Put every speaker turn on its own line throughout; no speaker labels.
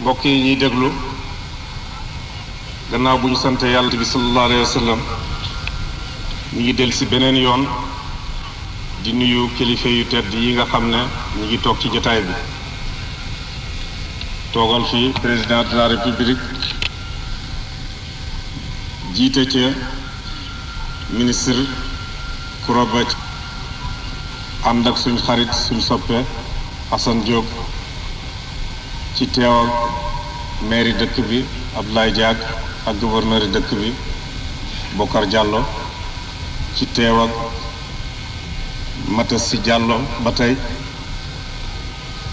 mbokk yi ñuy déglu gannaaw bu ñu sante yàlla bi sallallahu alayhi wa ñu ngi del ci beneen yoon di nuyu kilifa yu tedd yi nga xam ne ñu ngi toog ci jotaay bi toogal fii président de la république jiite ci ministre Koura Ba ànd ak suñ xarit suñ soppe Assane Diop ci teewal maire dëkk bi Abdoulaye Diack ak gouverneur dëkk bi Bokar Diallo ci teewal Matas si Diallo ba tey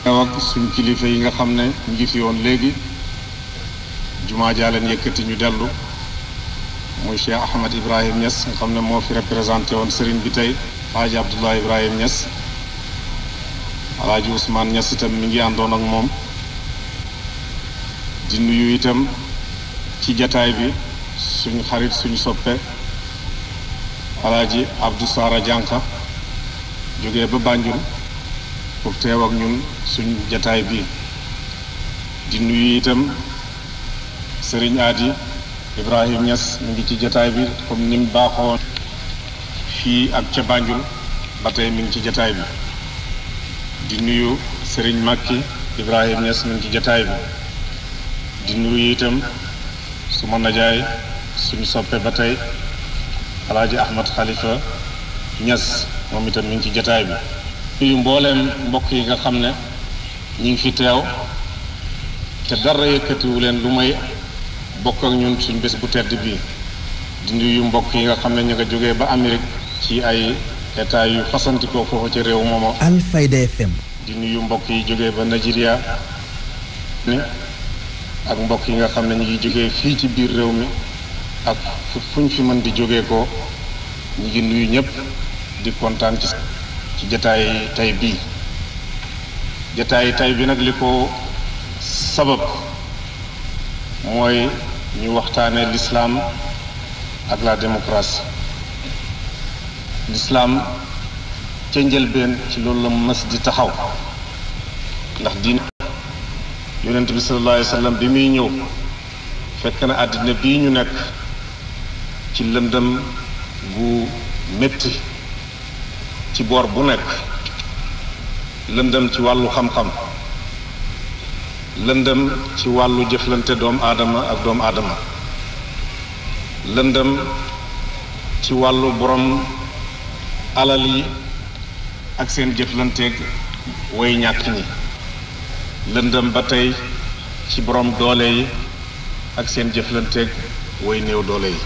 teewal suñ kilifa yi nga xam ne ñu ngi fi woon léegi jumaa jaa leen ñu dellu muy Cheikh Ahmed Ibrahim Niass nga xam ne moo fi représenté woon sëriñ bi tey Alaaji Abdoulaye Ibrahim Niass Alaaji Ousmane Niass itam mi ngi àndoon ak moom di nuyu itam ci jataay bi suñu xarit suñu soppe alaaji Abdou Sara Dianka jógee ba Banjul pour teew ak ñun suñu jataay bi di nuyu itam sëriñ aadi Ibrahim Niass mu ngi ci jataay bi comme ni baaxoo fii ak ca Banjul ba tey mi ngi ci jataay bi di nuyu sëriñ Makki Ibrahim Niass mu ngi ci jataay bi di nuyu itam su ma najaay suñu soppe ba tey alaaji ahmad xalifa ñas moom itam mi ngi ci jataay bi nuyu mbooleem mbokk yi nga xam ne ñi ngi fi teew te dara yëkkatiwu leen lu may bokk ak ñun suñ bés bu tedd bii di nuyu mbokk yi nga xam ne ñu nga jógee ba Amérique ci ay état yu fasantikoo foofu ci réew mooma
Alfayda FM
di yu mbokk yi jóge ba Nigeria ne ak mbokk yi nga xam ne ñu ngi jógee fii ci biir réew mi ak fu ñu fi mën di jógee ko ñu ngi nuyu ñëpp di kontaan ci jataay tay bii jataay tay bi nag li ko sabab mooy ñu waxtaane lislaam ak la démocratie lislaam ca njëlbeen ci loolu la mës di taxaw ndax diin yonent bi sallallahu alayhi sallam bi muy ñëw fekk na àddina bii ñu nekk ci lëndëm gu metti ci boor bu nekk lëndëm ci wàllu xam-xam lëndëm ci wàllu jëflante doomu aadama ak doomu aadama lëndëm ci wàllu borom alal yi ak seen jëflanteeg way ñàkk ñi lëndëm ba tey ci boroom doole yi ak seen jëflanteeg way néew doole yi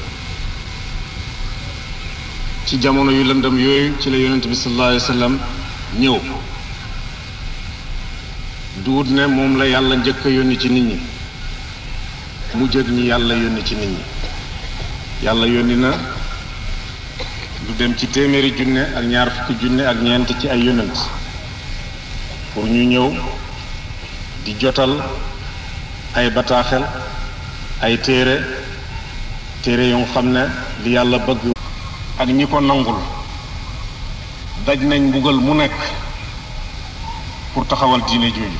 ci jamono yu lëndëm yooyu ci la yonent bi sallallahu alayhi ñëw duut ne moom la yàlla njëkk a yónni ci nit ñi mu jëg ñi yàlla yónni ci nit ñi yàlla yónni na lu dem ci téeméeri junne ak ñaar fukki junne ak ñeent ci ay yonent pour ñu ñëw jotal ay bataaxel ay téere téere yu xam ne li yàlla bëgg ak ñi ko nangul daj nañ mbugal mu nekk pour taxawal diine jooju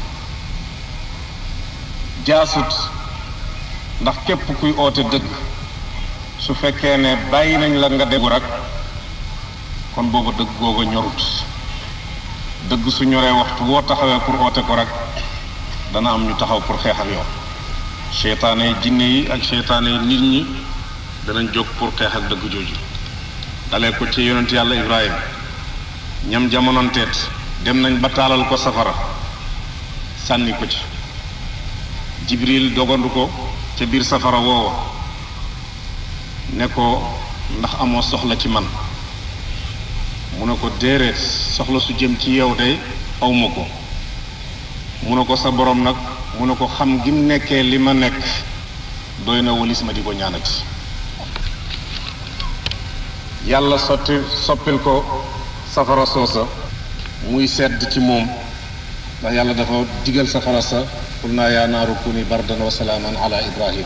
jaasut ndax képp kuy oote dëgg su fekkee ne bàyyi nañ la nga déggu rek kon boobu dëgg googu ñorut dëgg su ñoree waxtu woo taxawee pour oote ko rek dana am ñu taxaw pour xeex ak yow seytaane yi ak seytaane nit ñi danañ jóg pour xeex ak dëgg jooju dalee ko ci yonent yàlla ibrahim ñam jamononteet dem nañ ba taalal ko safara sànni ko ci jibril dogandu ko ca biir safara woowa ne ko ndax amoo soxla ci man mu ne ko déeréet soxla su jëm ci yow day awma ko mu ne ko sa borom nag mu ne ko xam gi nekkee li ma nekk doy na walis ma di ko ñaanati yàlla sotti soppil ko safara soosa muy sedd ci moom ndax yàlla dafa digal safara sa qul naa yaa naaru kuni bardan wa salaaman ala ibrahim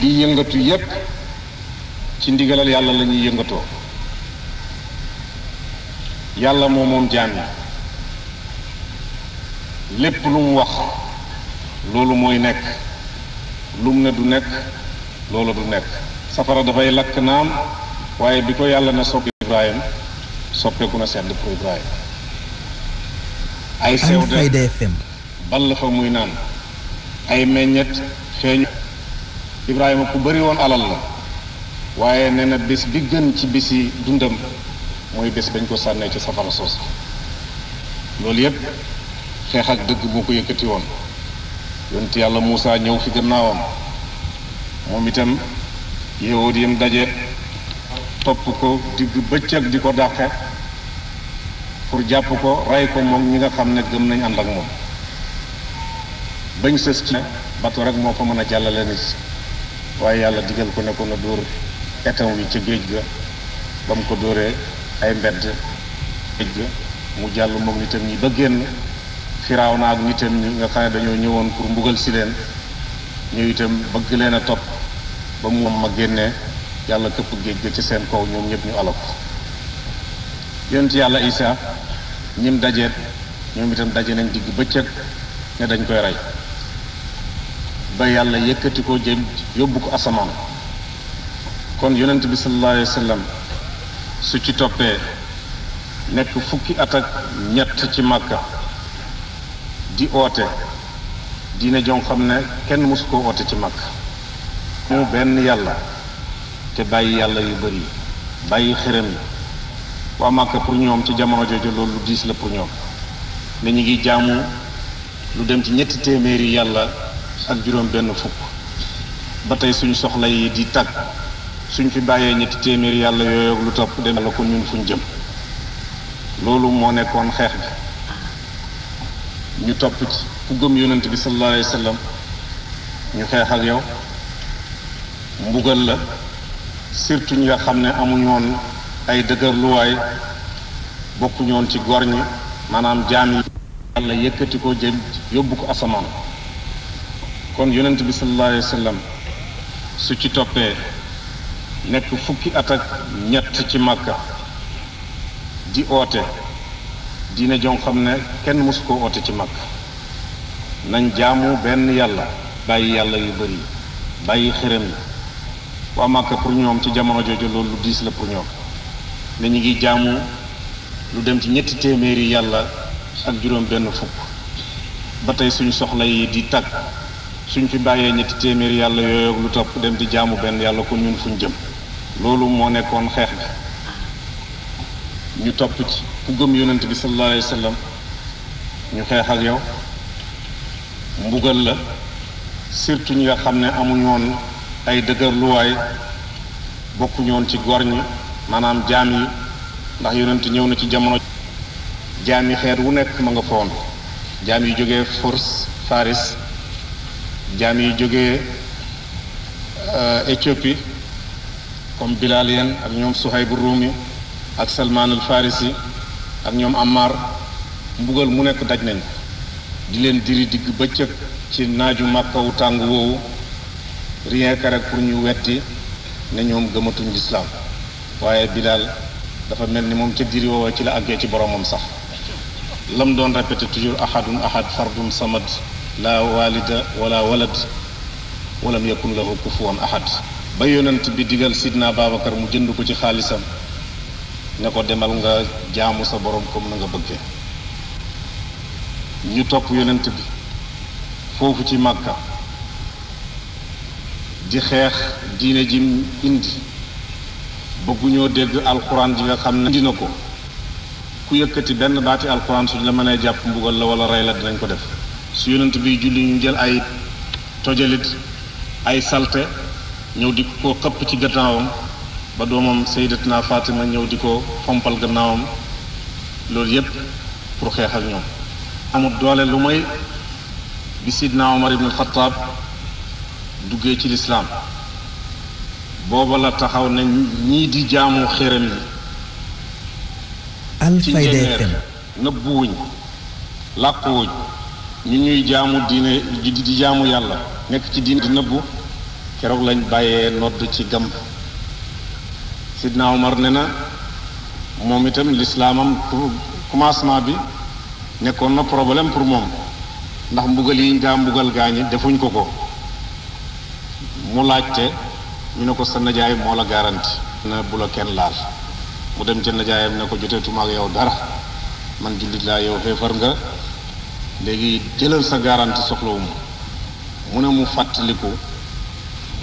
lii yëngatu yépp ci ndigalal yàlla lañuy yëngatoo yàlla moo moom jaan lépp lu mu wax loolu mooy nekk lu mu ne du nekk loolu du nekk safara dafay lakk naam waaye bi ko yàlla na soppi Ibrahim soppeeku na sedd pour Ibrahim ay sew de ball fa muy naan ay meññet feeñu Ibrahima ku bari woon alal la waaye nee na bés bi gën ci bisi dundam mooy bés bañ ko sànnee ci safara soosu loolu yépp xeex ak dëgg moo ko yëkkati woon yonent yàlla Moussa ñëw fi gannaawam moom itam yowoot yam daje topp ko digg bëccëg di ko dàqe pour jàpp ko rey ko moom ñi nga xam ne gëm nañ ànd ak moom bañ sës ci bato rek moo ko mën a jàllale nit waaye yàlla digal ko ne ko na dóor etam wi ca géej ga ba mu ko dóoree ay mbedd géej ga mu jàll moom itam ñi ba génn firaaw naa ak nitam ñi nga xam ne dañoo ñëwoon pour mbugal si leen ñu itam bëgg leen a topp ba moom ma génnee yàlla këpp géej ga ci seen kaw ñoom ñëpp ñu alal ko yonent yàlla Isaa ñim dajeet ñoom itam daje nañ digg bëccëg ne dañ koy rey ba yàlla yëkkati ko jëm yóbbu ko asamaan kon yonent bi sallallahu alayhi wa su ci toppee nekk fukki at ak ñett ci màkka di oote diine jom xam ne kenn mësu koo oote ci mag mu benn yàlla te bàyyi yàlla yu bëri bàyyi xërëm yi waa Màkka pour ñoom ci jamono jooju loolu lu diis la pour ñoom ne ñu ngi jaamu lu dem ci ñetti téeméeri yàlla ak juróom benn fukk ba tey suñu soxla yi di tag suñ fi bàyyee ñetti téeméeri yàlla yooyu lu topp dem yàlla ko ñun fuñ jëm loolu moo nekkoon xeex bi ñu topp ci ku gëm yonent bi sallallahu alayhi ñu xeex ak yow mbugal la surtout ñi xam ne amuñu ay dëgërluwaay bokkuñu woon ci gor ñi maanaam jaam yi yàlla yëkkati ko jëm yóbbu ko asamaan kon yonent bi sallallahu alayhi wa su ci toppee nekk fukki at ñett ci màkka di oote diine joo xam ne kenn mosu koo oote ci mag nañ jaamu benn yàlla bàyyi yàlla yu bëri bàyyi xërëm yi waa Màkka pour ñoom ci jamono jooju loolu diis la pour ñoom ne ñu ngi jaamu lu dem ci ñetti téeméeri yàlla ak juróom benn fukk ba tey suñu soxla yi di tag suñ fi bàyyee ñetti téeméeri yàlla yooyu lu topp dem di jaamu benn yàlla ko ñun fuñ jëm loolu moo nekkoon xeex bi ñu topp ci ku gëm yonent bi sallallahu alayhi wa ñu xeex ak yow mbugal la surtout ñi nga xam ne amuñu woon ay dëgër luwaay bokkuñu woon ci gor ñi maanaam jaam yi ndax yonent ñëw na ci jamono jaam yi xeet wu nekk ma nga foon jaam yi jógee Furs Faris jaam yi jógee euh, Éthiopie comme Bilal yeen ak ñoom Suhayb Rumi ak Salman al Farisi ak ñoom Ammar mbugal mu nekk daj nañ di leen diri digg bëccëg ci naaju màkkawu tàng woowu rien que rek pour ñu wetti ne ñoom gëmatuñ lislaam waaye Bilaal dafa mel ni moom ca diri woowa ci la àggee ci boromam sax lam doon répété toujours ahadun ahad fardun samad la walida wala walad walam yakun lahu kufuwan ahad ba yonent bi digal sidna Babacar mu jënd ko ci xaalisam ne ko demal nga jaamu sa boroom comme na nga bëggee ñu topp yonent bi foofu ci màkka di xeex diine ji indi bëgguñoo dégg alxuraan ji nga xam na indi na ko ku yëkkati benn baati alxuraan suñ la mënee jàpp mbugal la wala rey la dinañ ko def su yonent bi julli ñu jël ay tojalit ay salte ñëw di ko xëpp ci gannaawam ba doomam sayyidatuna Fatima ñëw di ko fompal gannaawam loolu yépp pour xeex ak ñoom amul doole lu may bi sidna Omar ibn duggee ci lislaam booba la taxaw ne ñii di jaamu xéram yi
Alfayda FM
nëbbuwuñ làquwuñ ñu ñuy jaamu diine di jaamu yàlla nekk ci diine di nëbbu keroog lañ bàyyee nodd ci gàmb sidna Omar ne na moom itam lislaamam pour commencement bi nekkoon na problème pour moom ndax mbugal yi ñu mbugal gaañi defuñ ko ko mu laajte ñu ne ko sa najaay moo la garanti na bu la kenn laal mu dem ca najaayam ne ko joteetuma ak yow dara man jullit laa yow xeefar nga léegi jëlal sa garanti soxlawuma mu ne mu fàttaliku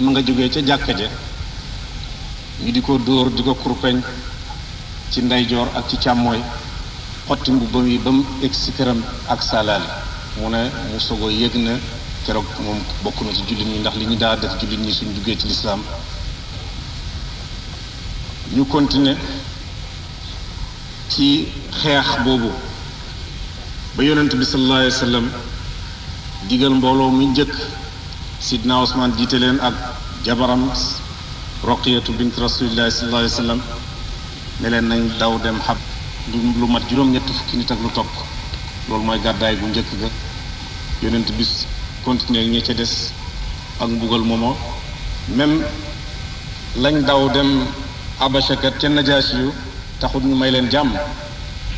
mu nga jógee ca jàkka ja ñu di ko dóor di ko kurpeñ ci ndeyjoor ak ci càmmooy xotti mbubbam yi ba mu egg si këram ak salaali mu ne mu sogo yëg na keroog moom bokk na ci jullit ñi ndax li ñu daa def jullit ñi suñ duggee ci lislaam ñu continuer ci xeex boobu ba yonent bi sallallahu alayhi digal mbooloo mu njëkk sidna Usmaan jiite leen ak jabaram roqiyatu bint rasulillahi sallallahu alayhi wa sallam ne leen nañ daw dem xab lu mat juróom-ñetti fukki nit ak lu topp loolu mooy gàddaay bu njëkk ga yonent bis continuer ñi ca des ak mbugal moomo même lañ daw dem abachakat ca najaasi yu taxut ñu may leen jàmm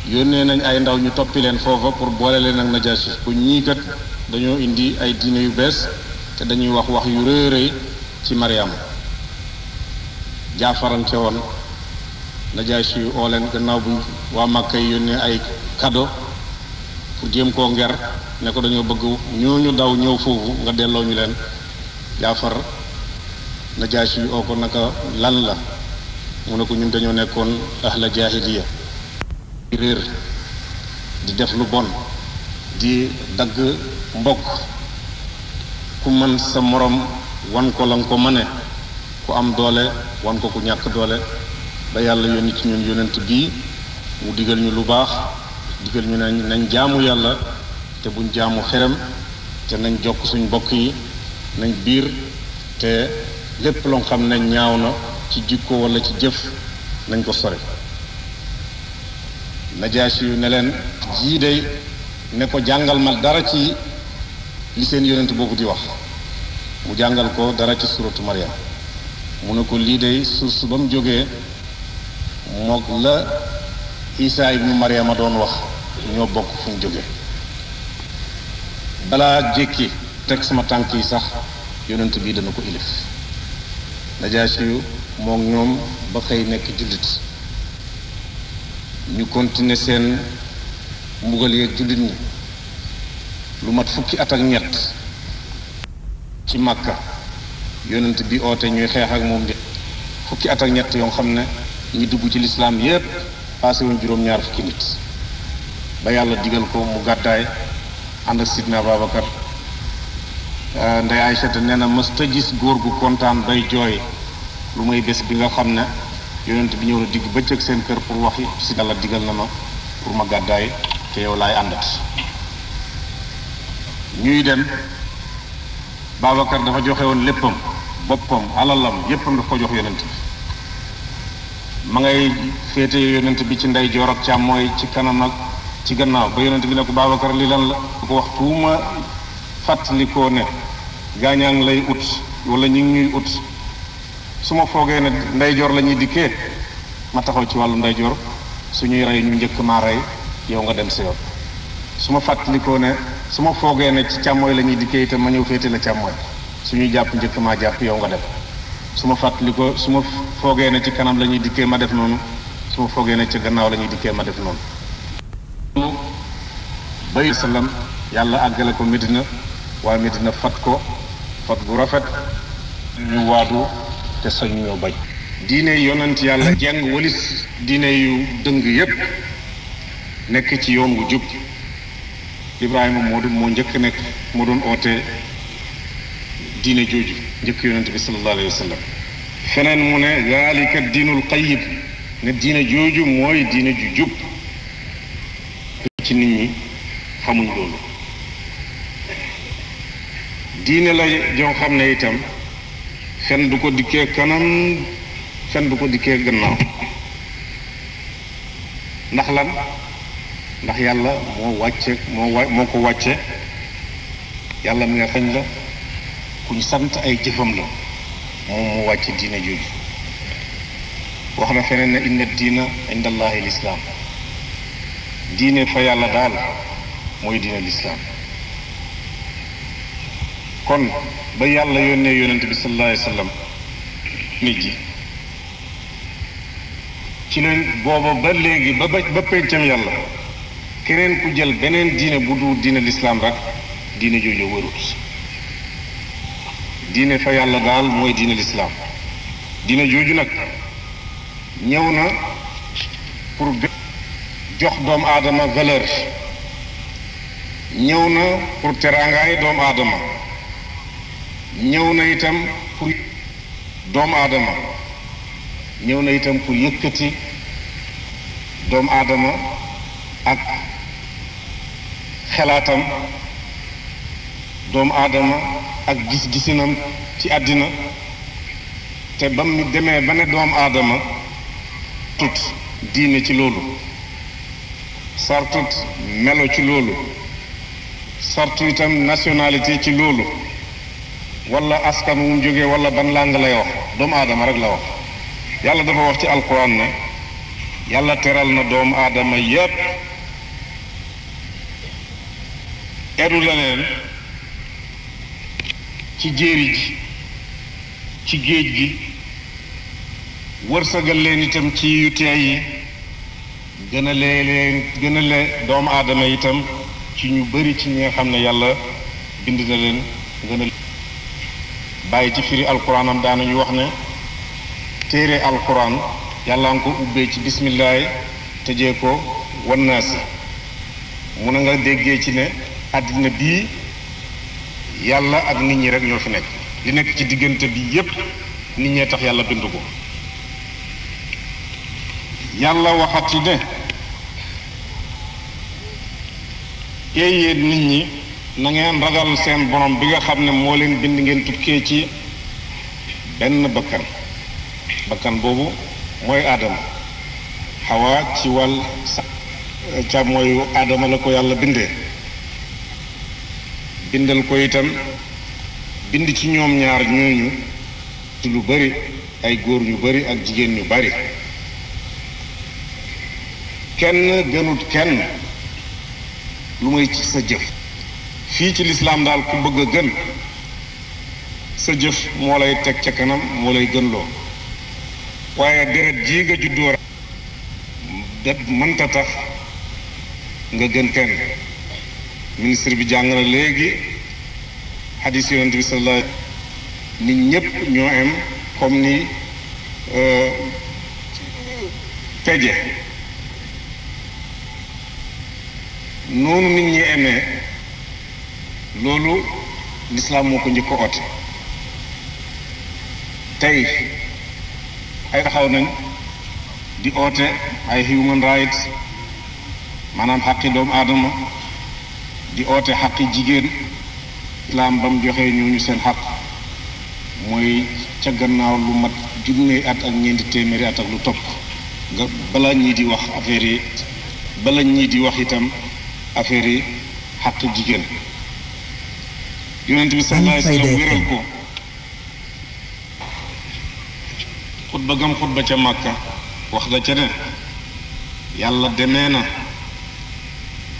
yónnee nañ ay ndaw ñu toppi leen foofa pour boole leen ak najaasi ku ñii kat dañoo indi ay diine yu bees te dañuy wax wax yu rëy rëy ci Mariam. jaafarante woon najaasi yu oo leen gannaaw bu waa Màkka yi yónnee ay cadeau pour jéem koo nger ne ko dañoo bëgg ñooñu daw ñëw foofu nga delloo ñu leen jaafar najaasi yu oo ko naka lan la mu ne ko ñun dañoo nekkoon ahla jaahiliya di réer di def lu bon di dagg mbokk ku mën sa morom wan ko la nga ko mëne ku am doole wan ko ku ñàkk doole ba yàlla yónni ci ñun yónent bii mu digal ñu lu baax digal ñu nañ nañ jaamu yàlla te buñ jaamu xeram te nañ jokk suñ mbokk yi nañ biir te lépp loo xam ne ñaaw na ci jikko wala ci jëf nañ ko sore najaasi yu ne leen jii day ne ko jàngal ma dara ci li seen yonent boobu di wax mu jàngal ko dara ci suratu Maryam mu ne ko lii day suuf su ba mu jógee mook la isaa ibnu mariama doon wax ñoo bokk fu mu jógee balaa jékki teg sama tànk yi sax yonent bii dana ko ilif najaasi yu mook ñoom ba fay nekk jullit ñu continuer seen mbugal yeeg jullit ñi lu mat fukki at ak ñett ci màkka yonent bi oote ñuy xeex ak moom de fukki at ak ñett yoo xam ne ñu dugg ci lislaam yépp passé wuñ juróom-ñaar fukki nit ba yàlla digal ko mu gàddaay ànd ak sidna Babacar euh, ndey Aysata nee na mës ta gis góor gu kontaan bay jooy lu may bés bi nga xam ne yonent bi ñëw na digg bëccëg seen kër pour waxi si yàlla diggal na ma pour ma gàddaay te yow laay àndat ñuy dem Babacar dafa joxe woon léppam boppam alalam yépp nga ko jox yonent bi ma ngay féete yonent bi ci ndeyjoor joor ak càmmooy ci kanam ak ci gannaaw ba yonent bi ne ko Babacar li lan la ko wax tuuma fàttalikoo ne gaañaa ngi lay ut wala ñu ngi ñuy ut su ma foogee ne ndeyjoor lañuy ñuy dikkee ma taxaw ci wàllu ndeyjoor su ñuy rey ñu njëkk maa rey yow nga dem si yoon su ma fàttalikoo ne su ma foogee ne ci càmmooy la ñuy dikkee itam ma ñëw féete la càmmooy suñuy jàpp njëkk maa jàpp yow nga def su ma fàttali ko suma foogee ne ci kanam lañuy ñuy dikkee ma def noonu su foogee ne ci gannaaw la ñuy dikkee ma def noonu bay sallam yàlla àggale ko Medina waa Medina fat ko fat bu rafet ñu waadu te sañuñoo bañ diine yonent yàlla jenn walis diine yu dëng yépp nekk ci yoon wu jub Ibrahima moo doon moo njëkk nekk moo doon oote diine jooju njëkk yonente bi sallallahu alayhi wa sallam feneen mu ne daalika diinul qayib ne diine jooju mooy diine ju jub ci nit ñi xamuñ loolu diine la joo xam ne itam fen du ko dikkee kanam fen du ko dikkee gannaaw ndax lan ndax yàlla moo wàcce moo wa moo ko wàcce yàlla mi nga xañ la kuñ sant ay jëfam moom mu wàcc diine jooju wax na feneen na inna diina inda allahi lislaam diine fa yàlla daal mooy diine lislaam kon ba yàlla yónnee yonent bi sallallahu alayhi wa sallam nit ji ci la booba ba léegi ba ba pencam yàlla keneen ku jël beneen diine bu du diine lislaam rekk diine jooju wërut diine fa yàlla daal mooy diine lislaam diine jooju nag ñëw na pour jox doomu aadama valeur ñëw na pour teraangaay doomu aadama ñëw na itam pour doomu aadama ñëw na itam pour yëkkati doomu aadama ak xelaatam doomu aadama ak gis-gisinam ci àddina te ba mu demee ba ne doomu aadama tut diine ci loolu sartut melo ci loolu sartu itam nationalité ci loolu wala askan wu mu jógee wala ban làng lay wax doomu aadama rek la yàlla dafa wax ci alquran yàlla teral na doomu aadama yépp edu la ci jéeri ji ci géej gi wërsagal leen itam ci yu teey yi gën lee leen gën lee doomu aadama itam ci ñu bari ci ñi nga xam ne yàlla bind na leen gën a bàyyi ci firi alquran am daanañu wax ne téere alquran yàlla nga ko ubbee ci bismillaay tëjee ko wannaasi mun a nga déggee ci ne àddina bii yàlla ak nit ñi rek ñoo fi nekk li nekk ci diggante bi yépp nit ñee tax yàlla bind ko yàlla waxati ne ee yéen nit ñi na ngeen ragal seen borom bi nga xam ne moo leen bind ngeen tukkee ci benn bakkan bakkan boobu mooy aadama xawaa ci wàll sa càmmooyu aadama la ko yàlla bindee bindal ko itam bind ci ñoom ñaar ñooñu lu bari ay góor ñu bari ak jigéen ñu bari kenn gënut kenn lu may ci sa jëf fii ci lislaam daal ku bëgg a gën sa jëf moo lay teg ca kanam moo lay gën loo waaye deret jii nga juddoo rek mënta tax nga gën kenn ministre bi jàng na léegi xadis yonent bi sallallahu alayhi nit ñëpp ñoo am comme ni peje euh, noonu nit ñi amee loolu lislaam moo ko njëkk ko oote tey ay taxaw nañ di oote ay human rights maanaam xaqi doomu aadama di oote xaqi jigéen islaam ba mu joxee ñooñu seen xaq mooy ca gannaaw lu mat junne at ak ñeenti téeméeri at ak lu topp nga bala ñii di wax affaire yi bala ñi di wax itam affaire yi xaq jigéen yonent bi sallallahu alayhi wasallam wéral ko xutba gam xutba ca màkka wax da ca ne yàlla demee na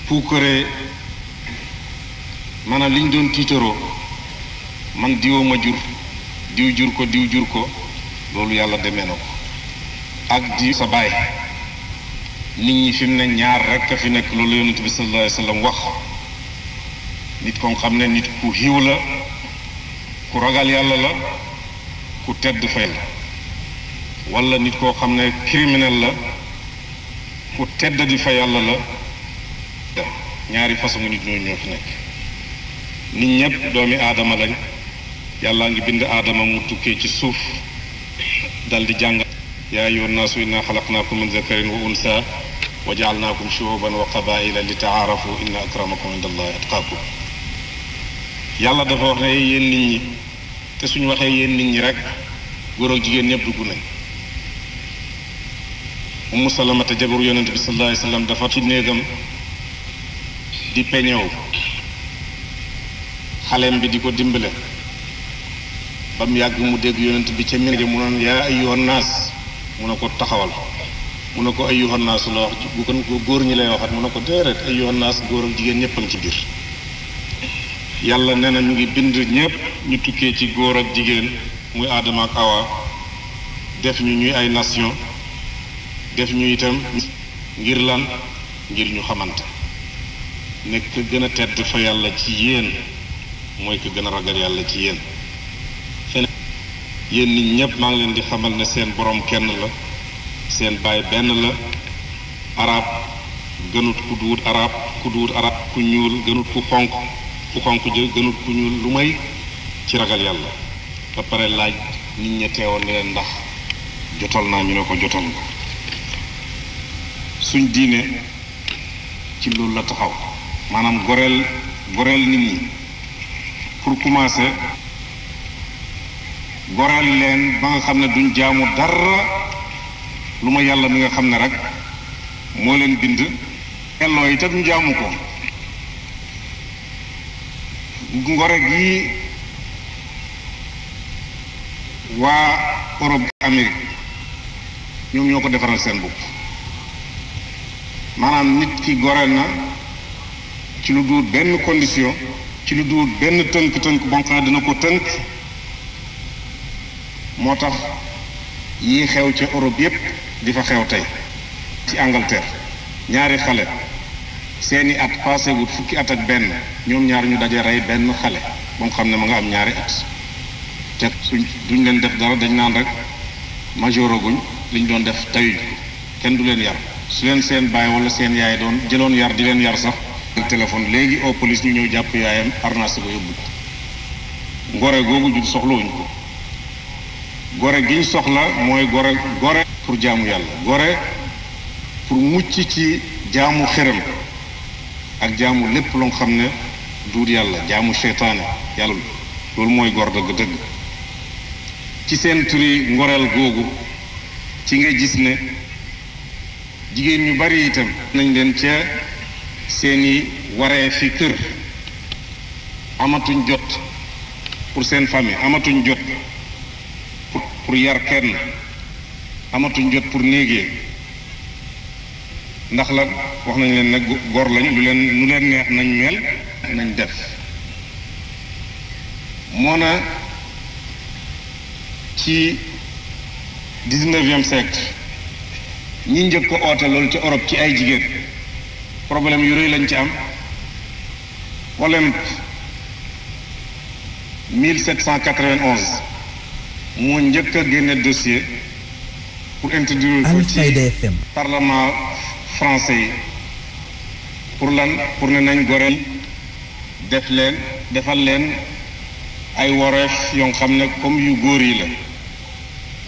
puukare maanaam li doon tiitaroo man diwoo ma jur diw jur ko diw jur ko loolu yàlla demee na ko ak di sa baay nit ñi fi mu ne ñaar rek a fi nekk loolu yonent bi sallallahu alayhi wax nit ko xam ne nit ku xiw la ku ragal yàlla la ku tedd fay nit koo xam ne criminel la ku tedd di fa yàlla la ñaari façon nit ñooñu fi nekk nit ñëpp doomi aadama lañ yàllaa ngi bind aadama mu tukkee ci suuf dal di jàng yaa ayyuha nnaasu inna xalaqnaakum min zakarin wa unsa wa jaalnaakum shuuban wa qabaila li taarafu inna akramakum inda allahi atqaakum yàlla dafa wax ne nit ñi te suñu waxee yéen nit ñi rek góor ak jigéen ñëpp dugg nañ ummu salamata jabaru yonent bi dafa ci néegam di peñew xaleem bi di ko dimbale ba yàgg mu dégg yonent bi ca Mina mu noon yaa ayyuhan naas mu ko taxawal mu ne ko ayyuhan naas la wax bu góor ñi lay waxat mun ne ko déedéet ayyuhan naas góor ak jigéen ñëpp a ci biir yàlla nee na mu ngi bind ñëpp ñu tukkee ci góor ak jigéen muy aadama ak awa def ñu ñuy ay nation def ñu itam ngir lan ngir ñu xamante nekk gën tedd fa yàlla ci yéen mooy ki gën a ragal yàlla ci yéen feneen yéen nit ñëpp maa ngi leen di xamal ne seen boroom kenn la seen baay benn la arab gënut ku duut arab ku duut arab ku ñuul gënut ku xonq ku xonq jë gënut ku ñuul lu may ci ragal yàlla ba pare laaj nit ña teewoon ne leen ndax jotal naa ñu ne ko jotal nga suñ diine ci loolu la taxaw maanaam goreel goreel nit ñi pour commencer goral leen ba nga xam ne duñ jaamu dara lu ma yàlla mi nga xam ne rek moo leen bind elloo itam ñu jaamu ko ngore gi waa Europe Amérique ñoom ñoo ko defaral seen bopp maanaam nit ki goreel na ci lu dul benn condition ci lu dul benn tënk-tënk boo xam ne dina ko tënk moo tax yii xew ca Europe yépp di fa xew tey ci Angleterre ñaari xale seeni at passé wut fukki at ak benn ñoom ñaar ñu daje rey benn xale ba mu xam ne ma nga am ñaari at te suñ duñ leen def dara dañ naan rek majoraguñ li ñu doon def tayuñ ko kenn du leen yar su leen seen baay wala seen yaay doon jëloon yar di leen yar sax téléphone léegi au ñu ñëw jàpp yaayam arnas ko yóbbu ko gore googu jud soxlawuñ ko gore giñ soxla mooy gore gore pour jaamu yàlla gore pour mucc ci jaamu xëram ak jaamu lépp loo xam ne duur yàlla jaamu seytaane yàlla loolu mooy gor dëgg dëgg ci seen turi ngoreel googu ci nga gis ne jigéen ñu bari itam nañ leen ca seeni waree fi kër amatuñ jot pour seen famille amatuñ jot pour yar kenn amatuñ jot pour néegee ndax la wax nañ leen nag góor lañu lu leen lu leen neex nañ mel nañ def moo na ci dix-neuvième siècle ñi njëkk ko oote loolu ci Europe ci ay jigéen problème yu rëy lañ ci am polémique 1791 moo njëkk a génne dossier pour introduire ko ci parlement français yi pour lan pour ne nañ goreel def leen defal leen ay wareef yoo xam ne comme yu góor yi la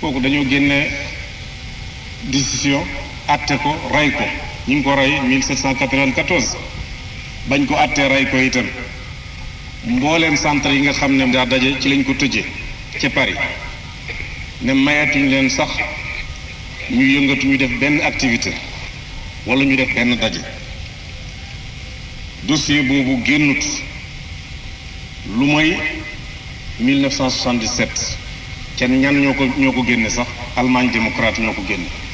kooku dañoo génne décision àtte ko rey ko ñu ngi ko rey 1794 bañ ko àttee rey ko itam mbooleem centre yi nga xam ne daa daje ci lañ ko tëje ca Paris ne mayatuñ leen sax ñu yëngatu ñu def benn activité wala ñu def benn daje dossier boobu génnut lu mooy 1977 kenn ñan ñoo ko ñoo ko génne sax Allemagne démocrate ñoo ko génne.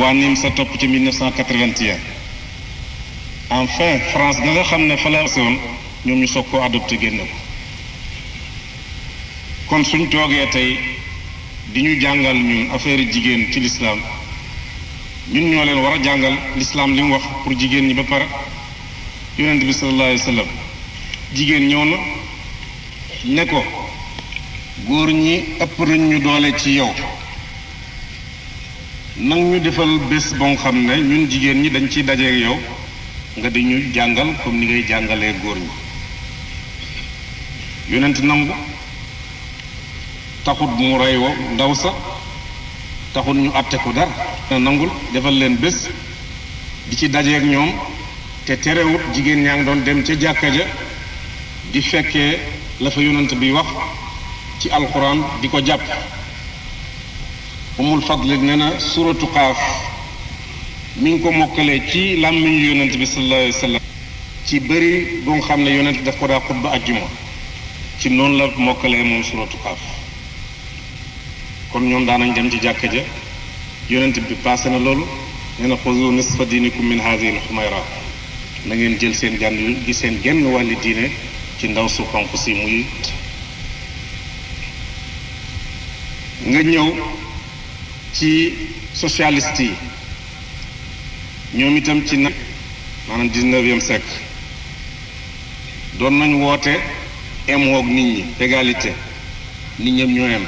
wàññin sa topp ci 1981 enfin France ga nga xam ne fa la ñoom ñu soog ko adopté génne ko kon suñ toogee tey di ñu jàngal ñun affaire jigéen ci lislaam ñun ñoo leen war a jàngal lislaam li mu wax pour jigéen ñi ba pare yonent bi sallallahu alayhi jigéen ñëw na ne ko góor ñi ëpp nañ ñu doole ci yow nang ñu defal bés boo xam ne ñun jigéen ñi dañ ciy dajeek yow nga di ñu jàngal comme ni ngay jàngalee góor ñi yonent nangu taxut mu rey wo ndaw sa taxut ñu àtte ko dara nangul defal leen bés di ci dajeek ñoom te terewut jigéen ñaa ngi doon dem ca jàkka ja di fekkee la fa yonent bi wax ci alxuraan di ko jàpp umul fadli nee na suratu xaaf mi ngi ko mokkalee ci làmmiñu yonent bi sallallahu alayhi wa ci bëri bu xam ne yonent daf ko daa xutba ajjuma ci noonu la mokkalee moom suratu xaaf kon ñoom daanañ dem ci jàkka ja yonent bi passé na loolu nee na xuzu nisfa diinikum min haadihi al-xumayra na ngeen jël seen gànn gi seen genn wàlli diine ci ndaw su xonq si muy nga ñëw ci socialiste yi ñoom itam ci na maanaam dix-neuvième doon nañ woote emoog nit ñi égalité nit ñëpp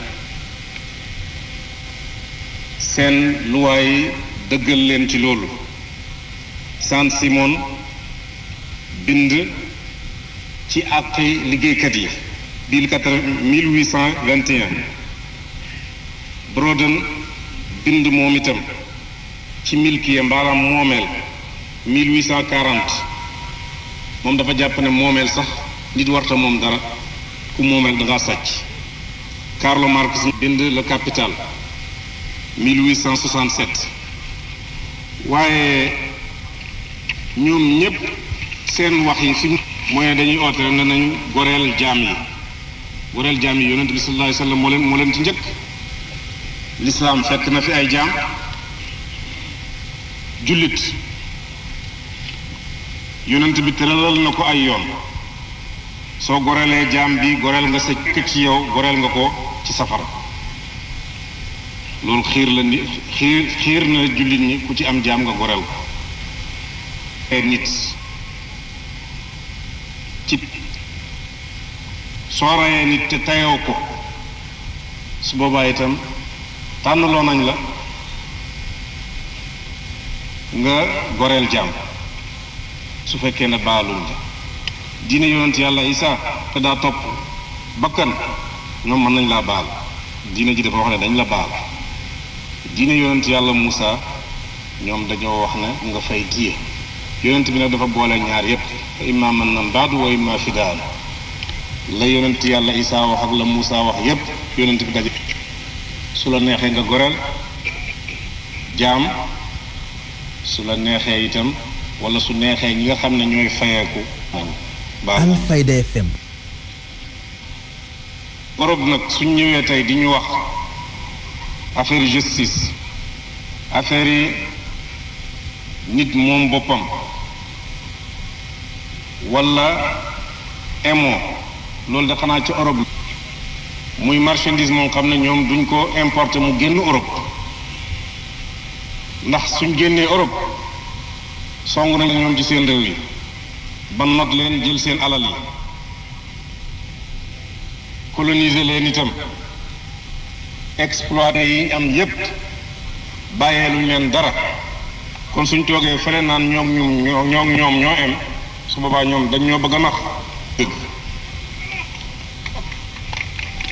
seen luwaay dëggal leen ci loolu Saint-Simon bind ci àqi liggéeykat yi bil quatre mille huit cent vingt Broden bind moom itam ci milkiya mbaalaam moomeel 1840 moom dafa jàpp ne moomeel sax nit warta moom dara ku moomeel dangaa sàcc Karl Marx bind le capital 1867 waaye ñoom ñépp seen wax yi fi mooy dañuy oote ne nañu goreel jaam yi goreel jaam yi yonent bi sallallahu alayhi moo leen moo leen ci njëkk lislaam fekk na fi ay jaam jullit yonent bi tëralal na ko ay yoon soo gorelee jaam bi goreel nga sa kë ci yow goreel nga ko ci safara loolu xiir la ni xiir na jullit ñi ku ci am jaam nga goreel ko nit ci soo rayee nit te tayoo ko su boobaa itam tànnloo nañ la nga goreel jaam su fekkee ne baalul ja diine yonent yàlla isa te daa topp bakkan ñoom mën nañ laa baal diine ji dafa wax ne dañ la baal diine yonent yàlla musaa ñoom dañoo wax ne nga fay diye yonent bi nag dafa boole ñaar yépp fa imma man nan baadu wa imma fidaan la yonent yàlla isa wax ak la Moussa wax yépp yonent bi daje su la neexee nga goreel jaam su la neexee itam wala su neexee ñi nga xam ne ñooy fayeeku
baax Alfayda FM
Europe nag suñ ñëwee tey di ñu wax affaire justice affaire yi nit moom boppam wala emo loolu de xanaa ci Europe muy marchandise moom xam ne ñoom duñ ko importer mu génn Europe ndax suñ génnee Europe song nañ ñoom ci seen réew yi ba not leen jël seen alal yi coloniser leen itam exploité yi am yépp bàyyee luñ leen dara kon suñ toogee fële naan ñoom ñoom ñoo ñoom ñoo em su boobaa ñoom dañ ñoo bëgg a nax dëgg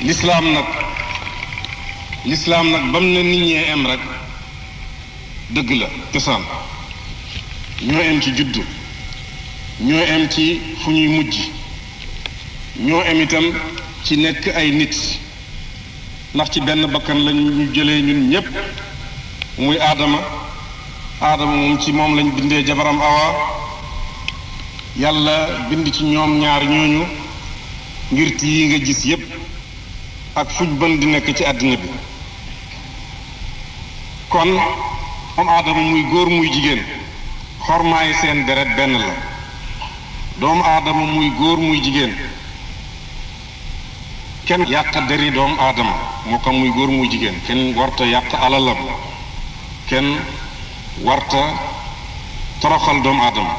lislaam nag lislaam nag bam na nit ñee em rek dëgg la cosaan ñoo em ci juddu ñoo em ci fu ñuy mujj ñoo em itam ci nekk ay nit ndax ci benn bakkan lañu jële jëlee ñépp muy aadama aadama moom ci moom lañ bindee jabaram awa yàlla bind ci ñoom ñaar ñooñu ngir ti nga gis yépp ak fuj bën di nekk ci àddina bi kon doomu aadama muy góor muy jigéen xormaay seen deret benn la doomu aadama muy góor muy jigéen kenn yàq deri doomu aadama moo muy góor muy jigéen kenn warta yàq alalam kenn warta toroxal doomu aadama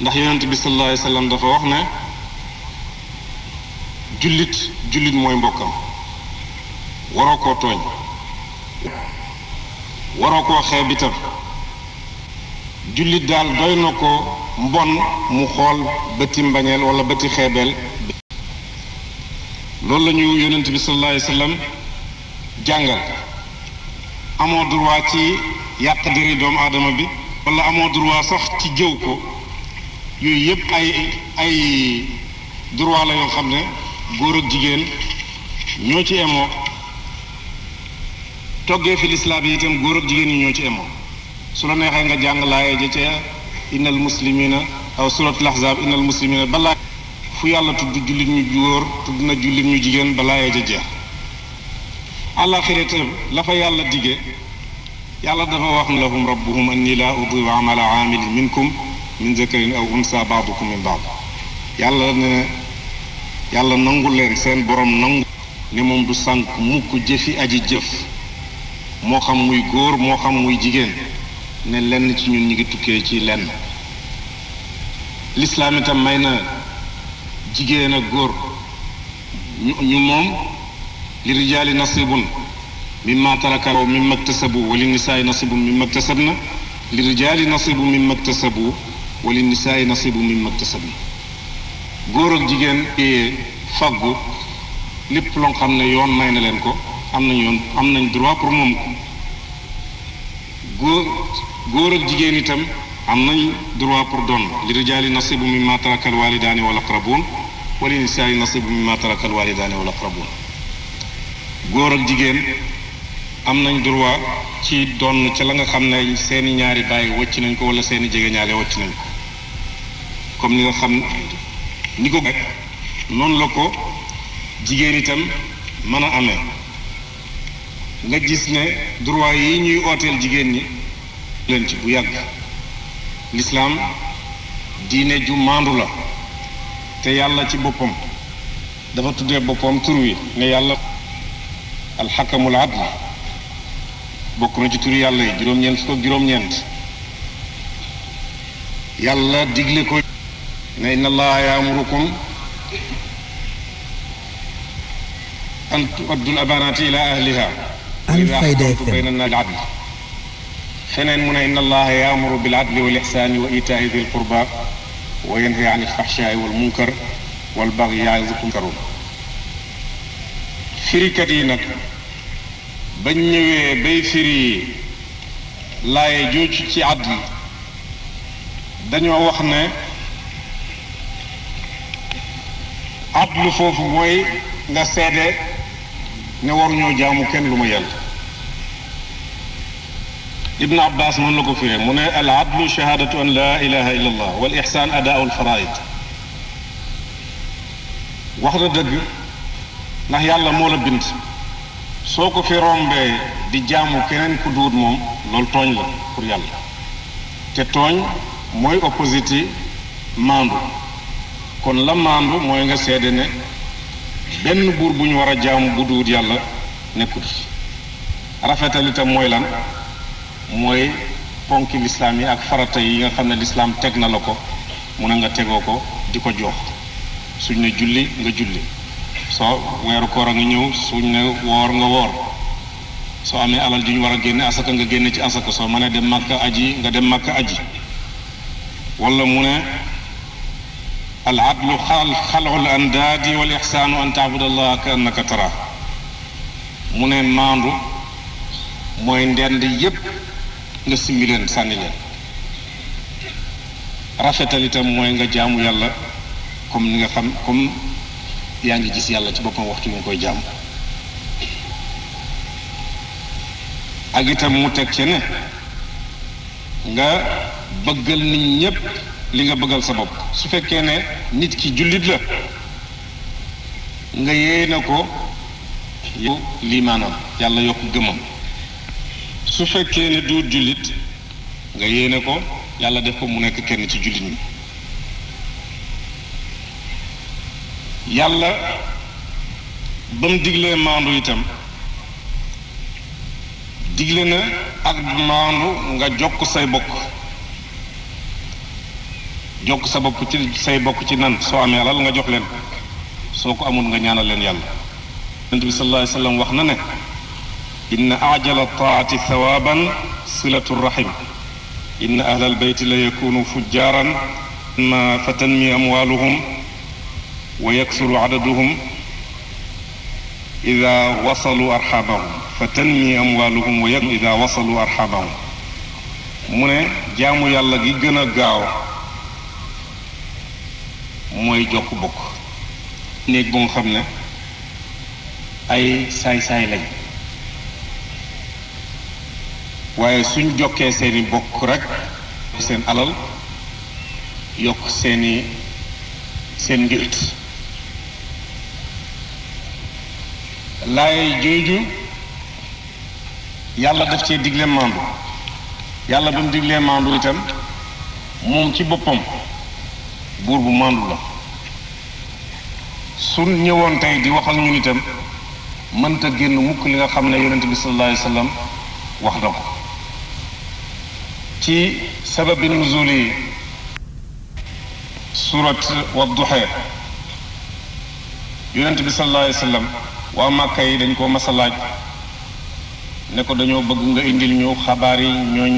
ndax yonent bi sallallahu alayhi wa sallam dafa wax ne jullit jullit mooy mbokkam waroo koo tooñ waroo koo xeeb itam jullit daal doy na ko mbon mu xool bëti mbañeel wala bëti xeebeel loolu la ñu yonent bi sallallahu alayhi jàngal amoo droit ci yàq dëri doomu aadama bi wala amoo droit sax ci jëw ko yooyu yëpp ay ay droit la yoo xam ne góor ak jigéen ñoo ci emoo toggee fi lislaam yi itam góor ak jigéen ñoo ci emoo su la neexee nga jàng laaye ja ca innal aw suratul ahzab innal muslimina balaa fu yàlla tudd jullit ñu góor tudd na jullit jigéen ba laaye ja la yàlla dige yàlla dafa wax lahum rabbuhum anni laa udiu amala aamilin minkum min zakarin aw unsa baadukum min baad yàlla ne yàlla nangu leen seen borom nangu ne moom du sànk mukk jëfi aji jëf moo xam muy góor moo xam muy jigéen ne lenn ci ñun ñu ngi tukkee ci lenn lislaam itam may na jigéen ak góor ñu ñu moom li rijaali nasibun mimma tarakaw min maktasabu wali nisaay nasibu min maktasab na li rijaali nasibu min maktasabu wali nisaay nasibu min maktasab na góor ak jigéen faggu lépp loo xam ne yoon may na leen ko am nañ am nañ droit pour moom ko góor góor ak jigéen itam am nañ droit pour doon li rijaali nasibu mimma taraka alwalidaani wal aqrabuun wa li nisaai nasibu mimma taraka alwalidaani wal aqrabuun góor ak jigéen am nañ droit ci doon ca la nga xam ne seeni ñaari bàyyi wàcc nañ ko wala seeni jege ñaare wàcc nañ ko comme ni nga xam ni ko noonu la ko jigéen itam mën a amee nga gis ne droit yi ñuy ooteel jigéen ñi leen ci bu yàgg lislaam diine ju maandu la te yàlla ci boppam dafa tuddee boppam turwi wi yàlla alxakamul adl bokk na ci tur yàlla yi juróom-ñeent fukk ak juróom-ñeent yàlla digle ko ne inna allaha yaamurukum an tuaddul amaanaati ila ahliha
alfayda FM
baynana al adl feneen mu ne inna allaha yaamuru bil adli wal ihsaani wa itaai dil qurba wa yanhi an alfaxshaai wal munkar wal bagyi yaizukum karum firikat yi nag bañ ñëwee bay firi laaye jooju ci adl dañoo wax ne adlu foofu mooy nga seede ne waruñoo jaamu kenn lu ma yàlla Ibn Abbas noonu la ko firee mu ne al adlu shahadatu an laa ilaha illa allah wal ixsaan adaau al faraid wax na dëgg ndax yàlla moo la bind soo ko fi rombee di jaamu keneen ku duut moom loolu tooñ la pour yàlla te tooñ mooy opposite yi maandu kon la maandu mooy nga seede ne benn buur bu ñu war a jaamu bu duut yàlla nekkut rafetal itam mooy lan mooy ponki lislaam yi ak farata yi nga xam ne lislaam teg na la ko mu a nga tegoo ko di ko jox suñ ne julli nga julli soo weeru koor a nga ñëw suñ ne woor nga woor soo amee alal ju ñu war a génne asaka nga génne ci asaka soo mënee dem màkka aji nga dem màkka aji walla mu ne al adlu xalul andaadi wal ixsaanu an taabud allah ka annaka tara mu ne maandu mooy ndend yépp nga simmi leen sànni leen rafetal itam mooy nga jaamu yàlla comme ni nga xam comme yaa ngi gis yàlla ci boppam wax wi nga koy jàmm ak itam mu teg ci ne nga bëggal nit ñépp li nga bëggal sa bopp su fekkee ne nit ki jullit la nga yéene ko yow liimaanam yàlla yokk gëmam su fekkee ne duur jullit nga yéene ko yàlla def ko mu nekk kenn ci jullit ñi yàlla ba mu diglee maandu itam digle na ak maandu nga jokk say bokk jokk sa bokk ci say bokk ci nan soo amee alal nga jox leen soo ko amul nga ñaanal leen yàlla yonent bi sallallahu alayhi wax na ne inna ajala taati thawaaban silatu rahim inna ahla albeyti la yakunu fujjaaran ma fatanmi amwaaluhum wa yaksuru adaduhum ida wasalu arxaabahum fatanmi amwaaluhum wa yak ida wasalu arxaabahum mu ne jaamu yàlla gi gën a gaaw mooy jokk bokk néeg bu nga xam ne ay saay-saay lañ waaye suñ jokkee seeni bokk rek seen alal yokk seeni seen ngirt laay jooju yàlla daf cee digle maandu yàlla duñ mu diglee maandu itam moom ci boppam buur bu maandu la suñ ñëwoon tey di waxal ñun itam mënta génn mukk li nga xam ne yonent bi sallallahu alayhi wax na ko ci sababi nuzuli surat wadduha yonent bi sallallahu alayhi wa sallam waa màkka yi dañ koo mas a laaj ne ko dañoo bëgg nga indil ñu xabaar yi ñooñ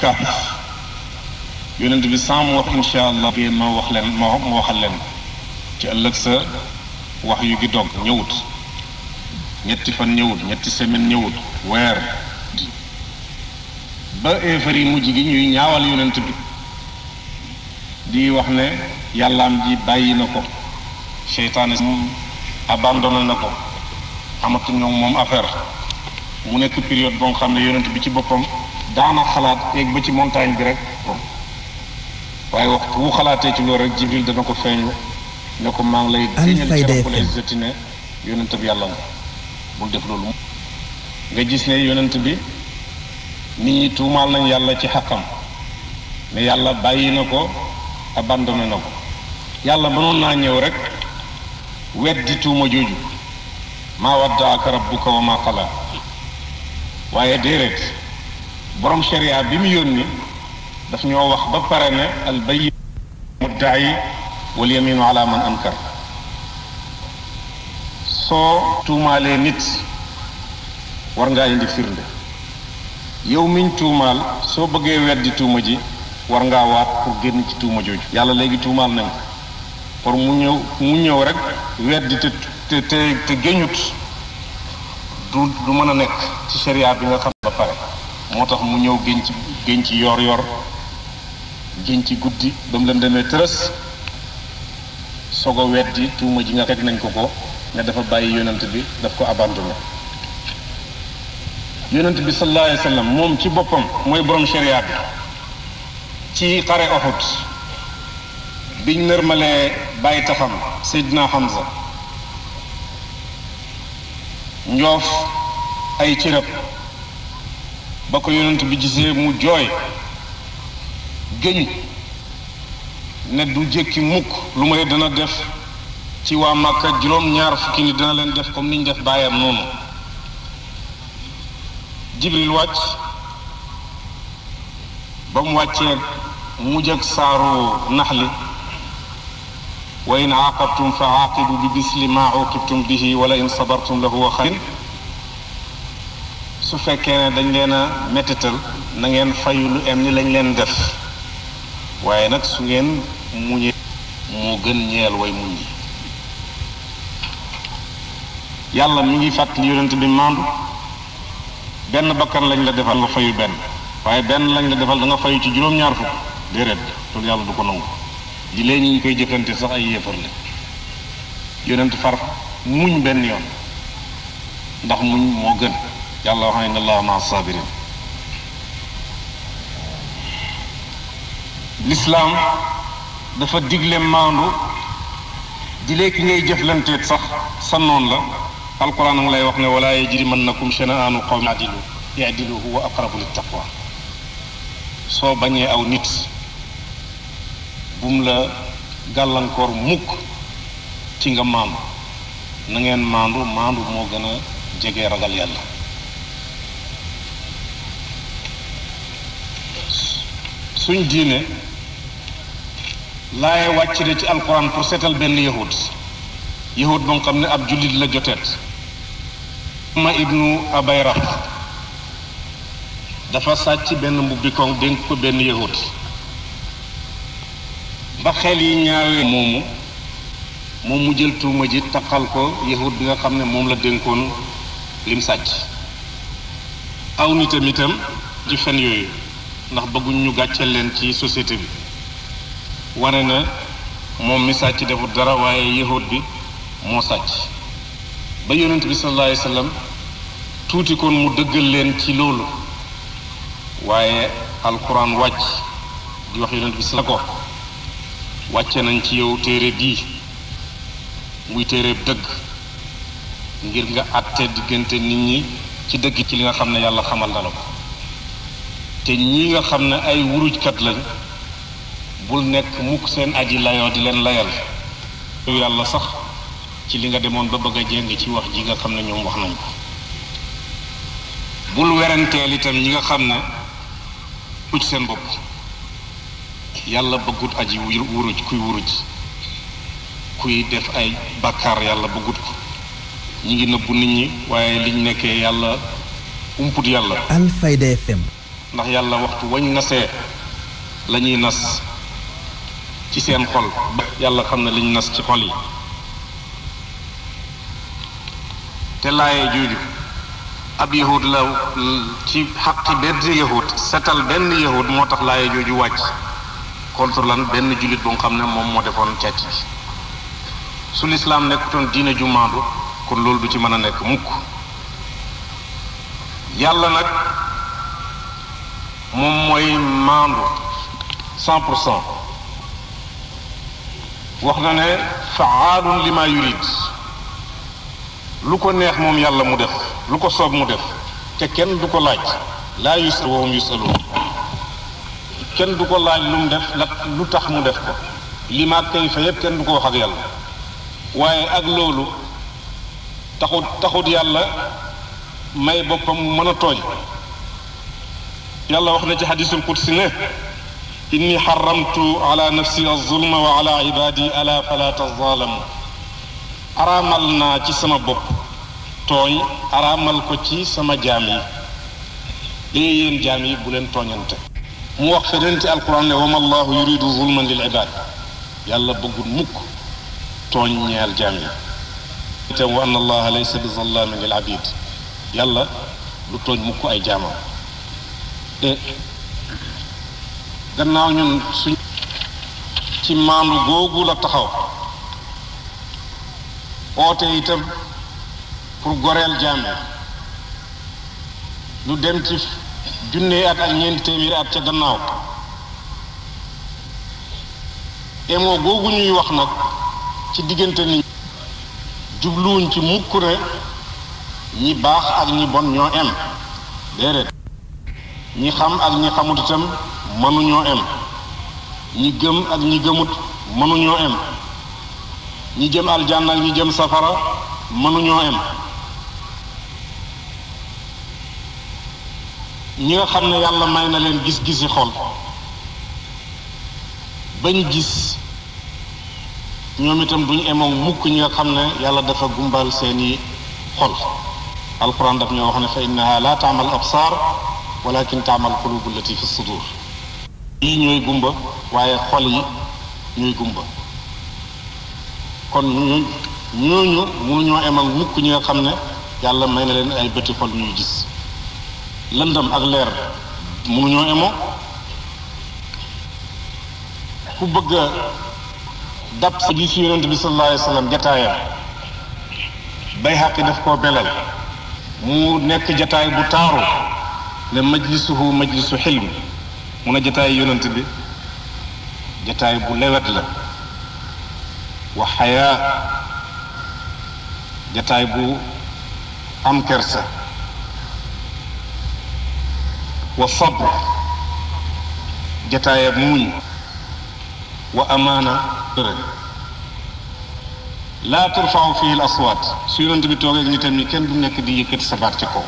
Kahf yonent bi sans mu wax insha allah ngeen ma wax leen ma ma waxal leen ci ëllëg sa wax yu gi dog ñëwut ñetti fan ñëwut ñetti semaine ñëwut weer ba éefar yi mujj gi ñuy ñaawal yonent bi di wax ne yàllaam ji bàyyi na ko seytaane moom abandonné na ko amatu ñoom moom affaire mu nekk période boo xam ne yonent bi ci boppam daana xalaat yegg ba ci montagne bi rek waaye waxtu wu xalaatee ci loolu rek jibril dana ko feeñu ne ko maa lay géñal ci rabbul izzati ne yonent bi yàlla la bul def loolu nga gis ne yonent bi nit ñi tuumaal nañ yàlla ci xaqam ne yàlla bàyyi na ko abandonné na na ko yàlla mënoon naa ñëw rek weddi tuuma jooju maa waddaaka rabbuka wa maa qala waaye déedéet borom sharia bi mu yónni daf ñoo wax ba pare ne al bayyin mudda'i wal yaminu ala man ankar soo tuumaalee nit war ngaa indi firnde yow miñ tuumaal soo bëggee di tuuma ji war ngaa waat pour génn ci tuuma jooju yàlla léegi tuumaal nañ pour mu ñëw mu ñëw rek weddi te te te te géñut du mën a nekk ci sharia bi nga xam ba pare moo tax mu ñëw génn ci génn ci yor yor génn ci guddi dam mu leen demee tërës soog a weddi tuuma ji nga teg nañ ko ko ne defa bàyyi yonent bi daf ko abandonné yonent bi sallallahu alayhi moom ci boppam mooy borom sharia bi ci xare Uhud biñ nërmalee bàyyi taxam Seydina Hamza njoof ay cirab ba ko yonent bi gisee mu jooy géñ ne du jékki mukk lu may dana def ci waa Màkka juróom ñaar fukki ni dana leen def comme niñ def bàyyam noonu jibril wàcc ba mu wàccee mu jëg saaru naxli wa in aaqabtum fa aaqibu bi bisli maa uqibtum bihi wala in sabartum la huwa xayr su fekkee ne dañ leen a mettital na ngeen fayu lu em ni lañ leen def waaye nag su ngeen mu moo gën ñeel way muñ yi yàlla mi ngi fàttali yonent bi maandu benn bakkan lañ la defal nga fayu benn waaye benn lañ la defal danga fayu ci juróom-ñaar fukk déedéet loolu yàlla du ko nangu di léegi ñu koy jëfante sax ay yéefar la yonent far muñ benn yoon ndax muñ moo gën yàlla wax na inna allaha maa sabirin lislaam dafa digle maandu di ki ngay jëflanteet sax sa noon la alquran mu lay wax ne wala yajrimannakum shana'aanu qawmin adilu i'dilu huwa aqrabu littaqwa soo bañee aw nit bum la gàllankoor mukk ci nga maandu na maandu maandu moo gën a jege ragal yàlla suñ diine laaye wàcc na ci alquran pour seetal benn yahud yahud ba xam ne ab jullit la joteet ma ibnu abayra dafa sàcc benn mbubbi koŋ dénk ko benn yahut ba xel yi ñaawee moomu moom mu jël tuuma ji taqal ko yahut bi nga xam ne moom la dénkoon lim sàcc aw nitam itam ci fen yooyu ndax bëgguñ ñu gàcceel leen ci société bi wane na moom mi sàcc defut dara waaye yahut bi moo sàcc ba yonent bi sallallahu alayhi tuuti kon mu dëggal leen ci loolu waaye alquran wàcc di wax yonent bi sa ko wàcce nañ ci yow téere bii muy téere dëgg ngir nga àtte diggante nit ñi ci dëgg ci li nga xam ne yàlla xamal na ko te ñi nga xam ne ay wurujkat lañ bul nekk mukk seen aji layoo di leen layal yàlla sax ci li nga demoon ba bëgg a jéng ci wax ji nga xam ne ñoom wax nañ ko bul weranteel itam ñi nga xam ne uj seen bopp yàlla bëggut aji wuruj kuy wuruj kuy def ay bàkkaar yàlla bëggut ko ñi ngi nëbbu nit ñi waaye liñ nekkee yàlla umput yàlla
Alfayda FM
ndax yàlla waxtu wañ nasee la ñuy nas ci seen xol yàlla xam ne liñ nas ci xol yi te laaye jooju ab yahud la ci xaqi benn yahud setal benn yahud moo tax laaye jooju wàcc contre lan benn jullit bu nga xam ne moom moo defoon càcc bi su lislaam nekkutoon diine ju maandu kon loolu du ci mën a nekk mukk yàlla nag moom mooy maandu cent wax na ne faalun lima yurid lu ko neex moom yàlla mu def lu ko soob mu def te kenn du ko laaj laa yusal wa hum yusaluun kenn du ko laaj lu mu def la lu tax mu def ko li ma kay fa yépp kenn du ko wax ak yàlla waaye ak loolu taxut taxut yàlla may boppam mën a tooñ yàlla wax na ci xadisul qudsi ne inni xaramtu ala nafsi az-zulma wa ala ibadi ala fala tazaalamu araamal naa ci sama bopp tooñ araamal ko ci sama jaam yi ee eh, yéen jaam bu leen tooñante mu wax feneen ci alquran ne wama allahu yuridu zulman lil ibaad yàlla bëggul mukk tooñ ñeel jaam yi itam wa anna allaha laysa bi zallamin lil abid yàlla lu tooñ mukk ay jaamam eh, gannaaw ñun suñ ci maandu googu la taxaw oote itam pour goreel jaam lu dem ci junne at ak ñeenti téeméeri at ca gannaaw émo googu ñuy wax nag ci diggante ni jubluwuñ ci mukk ne ñi baax ak ñi bon ñoo em déedéet ñi xam ak ñi xamut itam mënuñoo em ñi gëm ak ñi gëmut mënuñoo em ñu jëm aljanna ak ñi jëm safara mënuñoo em ñi nga xam ne yàlla may na leen gis-gisi xol bañ gis ñoom buñ duñu emoom mukk ñi xam ne yàlla dafa gumbal seeni xol alquran daf ñoo wax ne fa innaha la taamal absaar walakin taamal qulubu lati fi sudur yi ñooy gumba waaye xol yi ñooy gumba kon ñu ñooñu mënuñoo em ak mukk ñi nga xam ne yàlla may na leen ay bëti xol ñuy gis lëndam ak leer mënuñoo emoo ku bëgg a dab sa ji ci yonent bi sallallahu alayhi wa sallam jataayam bay xàq daf koo belal mu nekk jataay bu taaru ne majlisuhu majlisu xilm mun a jataay yonent bi jataay bu lewet la wa xayaa jataay bu am kersa wa sabr jataaya muñ wa amaana fihi l aswaat su yonent bi toogee ak nitam ñi kenn du nekk di yëkkati ci kaw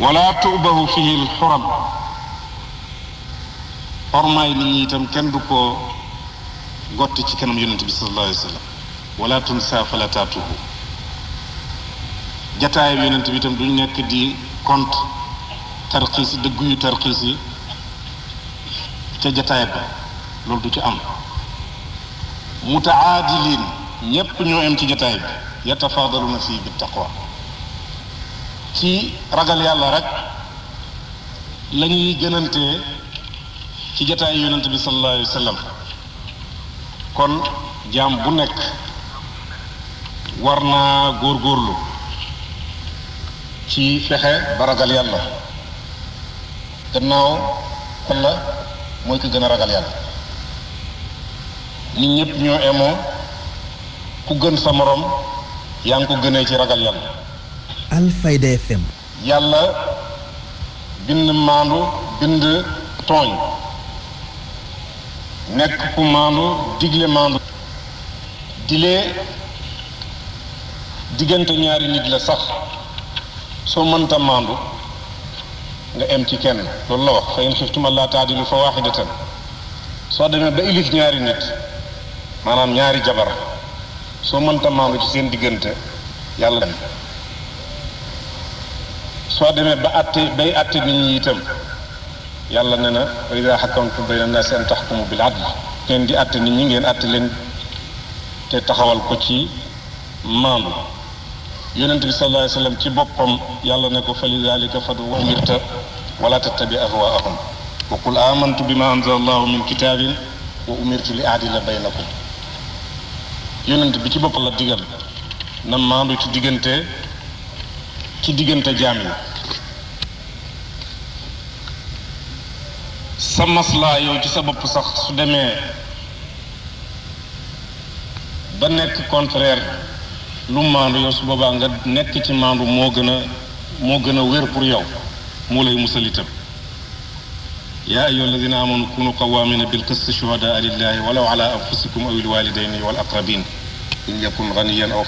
wala tubahu fihi l xuram ormaay nit ñi itam kenn du ko gott ci kanam yonent bi sallallahu alayhi wa sallam jataayam yonent bi itam duñ nekk di compte tarxiis yi dëggu yu tarxiis yi ca jataay ba loolu du ci am mutaadiliin ñépp ñoo am ci jataay bi yatafaadaluna fii bi taqwa ci ragal yàlla rek lañuy gënantee ci jotaayu yonent bi sallallahu alayhi kon jaam bu nekk war naa góor góorlu ci fexe ba ragal yàlla gannaaw yàlla mooy ki gën a ragal yàlla nit ñëpp ñoo emoo ku gën sa morom yaa ngi ko gëna ci ragal yàlla.
Alfayda FM.
yàlla bind maandu bind tooñ. nekk ku maandu digle maandu dilee diggante ñaari nit la sax soo mënta maandu nga em ci kenn loolu la wax fa laa xiftum allaa taadilu fa waaxidatan soo demee ba ilif ñaari nit maanaam ñaari jabar soo mënta maandu ci seen diggante yàlla soo demee ba àtte bay àtte nit ñi itam yàlla ne na wa idaa hakamtum bayna naasi an tahkumu bil adl ngeen di àtte nit ñi ngeen àtte leen te taxawal ko ci maanu yonent bi sallallahu alayhi wa sallam ci boppam yàlla ne ko fa lidaalika fadu umirta wala tattabi ahwaahum wa qul amantu bima anzala allahu min kitaabin wa umirtu li aadila baynakum yonent bi ci boppam la digal na maandu ci diggante ci diggante jaam sa maslaa yow ci sa bopp sax su demee ba nekk contraire lu maandu yow su boobaa nga nekk ci maandu moo gën a moo gën a wér pour yow moo lay musalitam yaa ayyuha alladina amanu kunu qawamina bil qisti shuhadaa lillahi walaw ala anfusikum aw ilwalidaini wal aqrabin in yakun ganiyan aw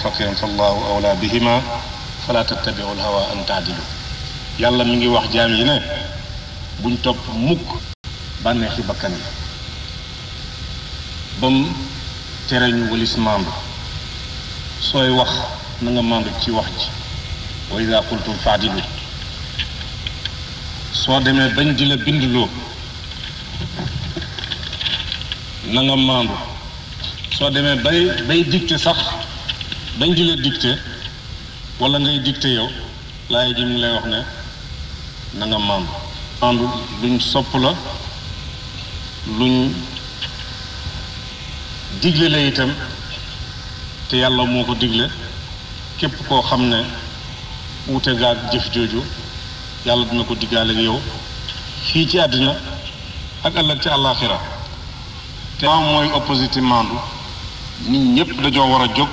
an taadilu yàlla mi ngi wax jaam yi ne buñ topp mukk bànneexi bakkan yi ba mu tere ñu walis maandu sooy wax nanga nga ci wax ji wa iza qultum fa'dilu soo demee bañ di la bindloo na soo demee bay bay dicté sax bañ di la dicté wala ngay dicté yow laay ji mu lay wax ne nanga nga maandu maandu sopp la luñ digle la itam te yàlla moo ko digle képp koo xam ne wuute gaag jëf jooju yàlla du na ko diggaale ak yow fii ci àddina ak ëllëg ci àllaaxira te mooy opposité maandu nit ñëpp dañoo war a jóg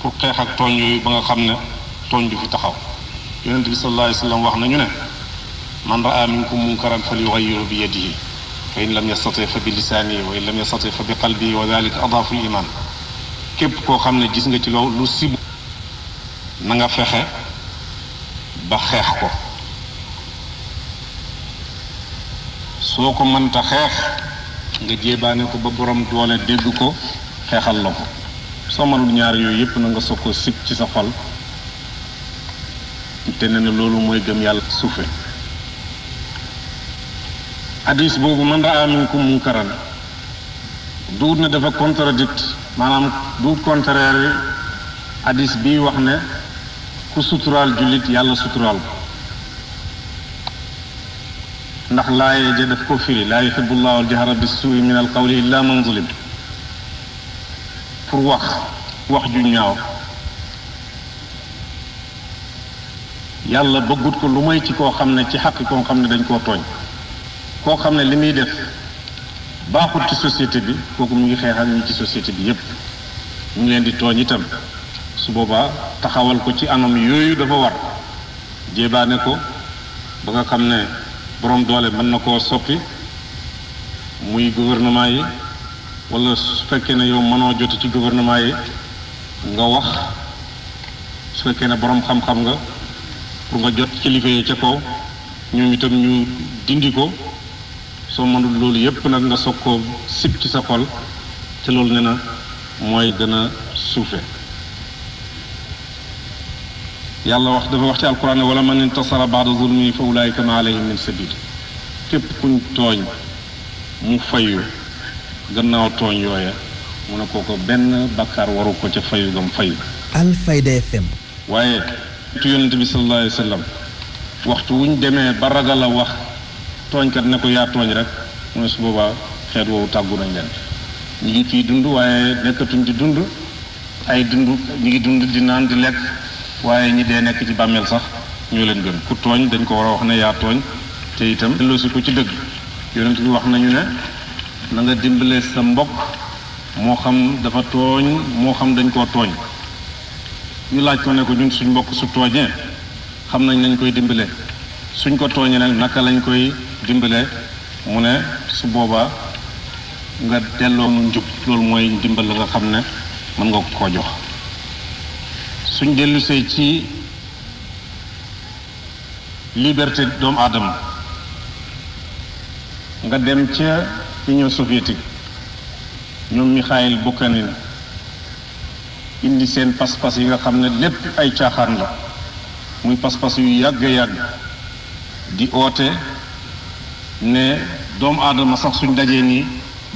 pour xeex ak tooñ yooyu ba nga xam ne tooñ du fi taxaw yonent bi sallallahu alayhi wa sallam wax nañu ne man raa minkum munkaran falyughayyirhu bi yadihi fa in lam yastati fa bi lisaani wa in lam yastati fa bi qalbi wa dalika adaafu liman képp koo xam ne gis nga ci law lu sibu nanga fexe ba xeex ko soo ko mënta xeex nga jéebaane ko ba borom doole dégg ko xeexal la ko soo mënul ñaar yooyu yépp na nga soog ko sib ci sa xol te ne na loolu mooy gëm yàlla suufe hadis boobu man raa minkum munkaran duut na dafa contredit maanaam duut contraire hadis bii wax ne ku suturaal jullit yàlla suturaal ko ndax laaye ja daf ko firi laa yuxibu llahu aljahra bissuui min alqawli illa man zulim pour wax wax ju ñaaw yàlla bëggut ko lu may ci koo xam ne ci xaq koo xam ne dañ koo tooñ koo xam ne li muy def baaxul ci société bi kooku mu ngi xeexal ñi ci société bi yépp ñu ngi leen di tooñ itam su boobaa taxawal ko ci anam yooyu dafa war ne ko ba nga xam ne borom doole mën na koo soppi muy gouvernement yi wala su fekkee ne yow mënoo jot ci gouvernement yi nga wax su fekkee ne borom xam-xam nga pour nga jot kilifa yi ca kaw ñoom itam ñu dindi ko soo mënul loolu yépp nag nga soog koo sib ci sa xol te loolu ne na mooy gën a suufe yàlla wax dafa wax ci alquran ne wala man intasara baada zulmi fa ulaayika ma alayhim min képp kuñ tooñ mu fayu gannaaw tooñ yooya mu ne kooko benn bakkaar waru ko ca fayu gam fayu Alfayda waaye tu yonente bi sallallahu alayhi wa sallam waxtu wuñ demee ba ragal a wax tooñkat ne ko yaa tooñ rek mu su boobaa xeet woowu tàggu nañ leen ñu ngi ciy dund waaye nekkatuñ di dund ay dund ñu ngi dund di naan di lekk waaye ñi dee nekk ci bàmmeel sax ñoo leen gën ku tooñ dañ ko war a wax ne yaa tooñ te itam delloosi ko ci dëgg wax nañu ne na nga dimbale sa mbokk moo xam dafa tooñ moo xam dañ koo tooñ ñu laaj ko ko ñun suñ mbokk su tooñee xam nañ nañ koy dimbale suñ ko tooñee nag naka lañ koy dimbale mu ne su boobaa nga delloo mu njub loolu mooy dimbal la nga xam ne mën nga koo jox suñ dellusee ci liberté doomu aadama nga dem ca Union soviétique ñoom Mikhail Bakunin indi seen pas-pas yi nga xam ne lépp ay caaxaan la muy pas-pas yu yàgg yàgg di oote ne doomu aadama sax suñ dajee nii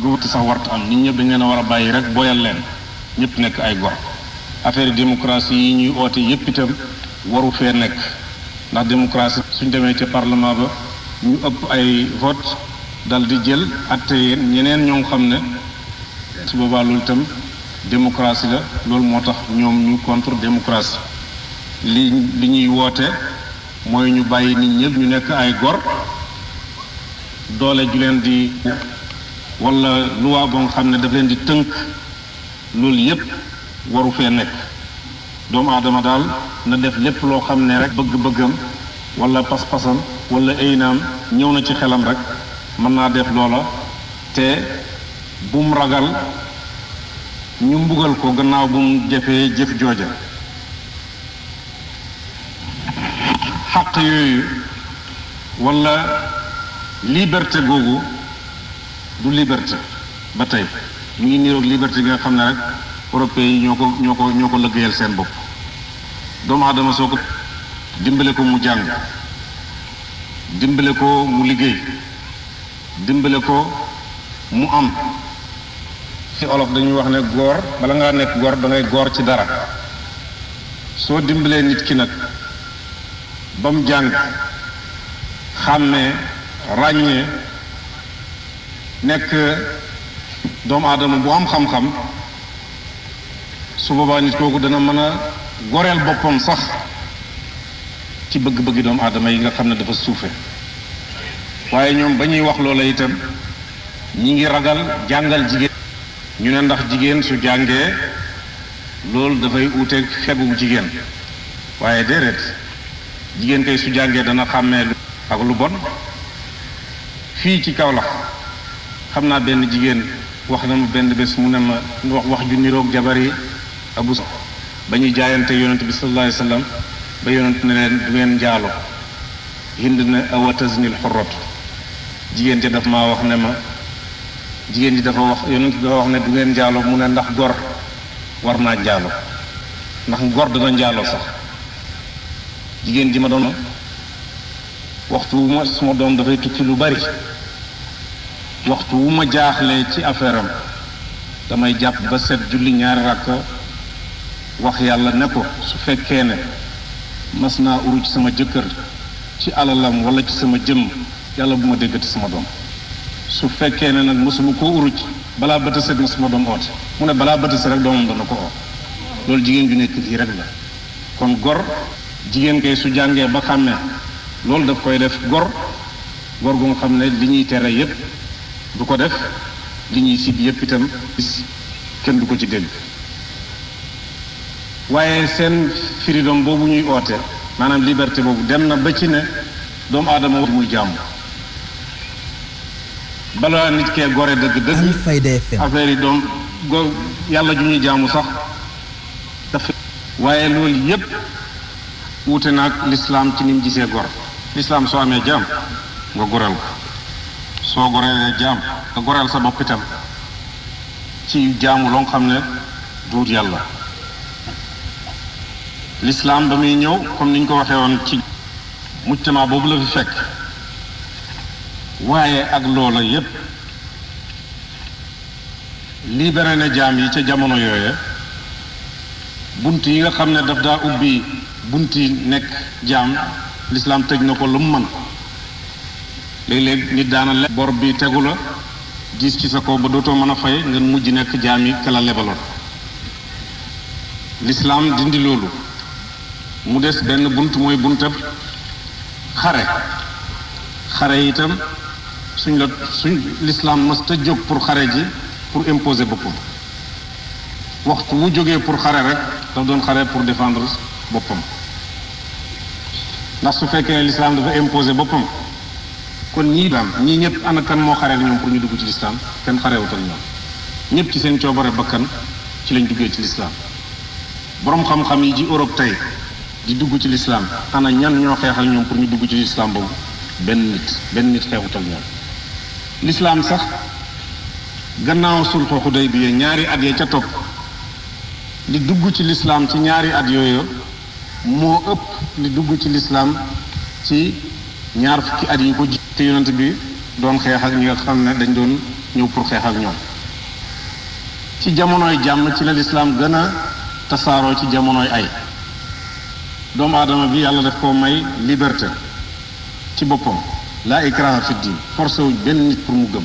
gëwuti sax warta am nit ñëpp dañ leen a war a bàyyi rek boyal leen ñëpp nekk ay gor affaire démocratie yi ñuy oote yëpp itam waru fee nekk ndax démocratie suñ demee ci parlement ba ñu ëpp ay vote dal di jël atte yéen ñeneen ñoo xam ne su boobaa loolu itam démocratie la loolu moo tax ñoom ñu contre démocratie li li ñuy woote mooy ñu bàyyi nit ñëpp ñu nekk ay gor doole ju leen di walla luwaa boo xam ne daf leen di tënk loolu yépp waru fee nekk doomu aadama daal na def lépp loo xam ne rek bëgg-bëggam wala pas-pasam walla aynaam ñëw na ci xelam rek mën naa def loola te bum ragal ñu mbugal ko gannaaw bum jëfee jëf jooja xaq yooyu wala liberté googu du liberté ba tey mu ngi niroog liberté bi nga xam ne rek européens yi ñoo ko ñoo ko ñoo ko lëggéeyal seen bopp doomu aadama soo ko dimbale ko mu jàng dimbale ko mu liggéey dimbale ko mu am ci olof dañuy wax ne góor bala ngaa nekk góor dangay ngay ci dara soo dimbalee nit ki nag ba mu jàng xàmmee ràññee nekk doomu aadama bu am xam-xam su boobaa nit kooku dana mën a goreel boppam sax ci bëgg-bëggi doomu aadama yi nga xam ne dafa suufe waaye ñoom ba ñuy wax loola itam ñi ngi ragal jàngal jigéen ñu ne ndax jigéen su jàngee loolu dafay uuteeg xebu jigéen waaye déedéet jigéen kay su jàngee dana xàmmee ak lu bon fii ci Kaolack xam naa benn jigéen wax na ma benn bés mu ne ma wax wax ju niroog jabar yi abu ba ñuy jaayante yonent bi sallallahu alayhi wa sallam ba yonent ne leen du ngeen njaalo hind na awataznil xorot jigéen ji daf maa wax ne ma jigéen ji dafa wax yonent dafa wax ne du ngeen njaalo mu ne ndax gor war naa njaalo ndax gor dana njaalo sax jigéen ji ma doon waxtu wu ma suma doom dafay tukki lu bari waxtu wu ma jaaxle ci affaire am damay jàpp ba set julli ñaari rakk wax yàlla ne ko su fekkee ne mas naa uru ci sama jëkkër ci alalam wala ci sama jëm yàlla bu ma déggati sama doom su fekkee ne nag mosuma koo uru balaa bët a set na sama doom oote mu ne balaa bët a set dana ko oo loolu jigéen ju nekk fii rek la kon gor jigéen kay su jàngee ba xàmmee loolu daf koy def gor gor gu nga xam ne li ñuy tere yépp du ko def li ñuy sib yépp itam kenn du ko ci dégg waaye seen freedom boobu ñuy oote maanaam liberté boobu dem na ba ci ne doomu aadama war muy jàmm balaa nit kee gore dëgg dëgg affaire yi doom yàlla ju ñuy jaamu sax dafa waaye loolu yépp wuute naag lislaam ci ni mu gisee gor lislaam soo amee jaam nga goreel ko soo goreelee jaam nga goreel sa bopp itam ci jaamu loo xam ne duut yàlla lislaam ba muy ñëw comme ni ñu ko waxee woon ci mujtama boobu la fi fekk waaye ak loola yépp libéré na jaam yi ca jamono yooye bunt yi nga xam ne daf daa ubbi bunti nekk jaam lislaam tëj na ko lum man mën léeg nit daana le bor bi tegula la diis ci sa kaw ba dootoo mën a fay nga mujj nekk jaam yi kala lebaloon lislaam dindi loolu mu des benn bunt mooy buntab xare xare itam suñ la suñ lislaam mas ta jóg pour xare ji pour imposer boppam waxtu wu jógee pour xare rek daf doon xare pour défendre boppam ndax su fekkee ne lislaam dafa imposé boppam kon ñii daal ñii ñëpp ana kan moo xaree ñoom pour ñu dugg ci lislaam kenn xareewutal ñoom ñëpp ci seen coobare bakkan ci lañ duggee ci lislaam boroom xam-xam yi ji Europe tey di dugg ci lislaam ana ñan ñoo xeexal ñoom pour ñu dugg ci lislaam boobu benn nit benn nit xeexutal ñoom lislaam sax gannaaw sulxu Xudaybiya ñaari at ya ca topp di dugg ci lislaam ci ñaari at yooyu moo ëpp li dugg ci lislaam ci ñaar fukki at yi ko ji te yonent bi doon xeex ak xam ne dañ doon ñëw pour xeex ak ñoom ci jamonoy jàmm ci la lislaam gën a tasaaroo ci jamonoy ay doomu adama bi yàlla daf koo may liberté ci boppam laa ikraha fi diin forcé wuñ benn nit pour mu gëm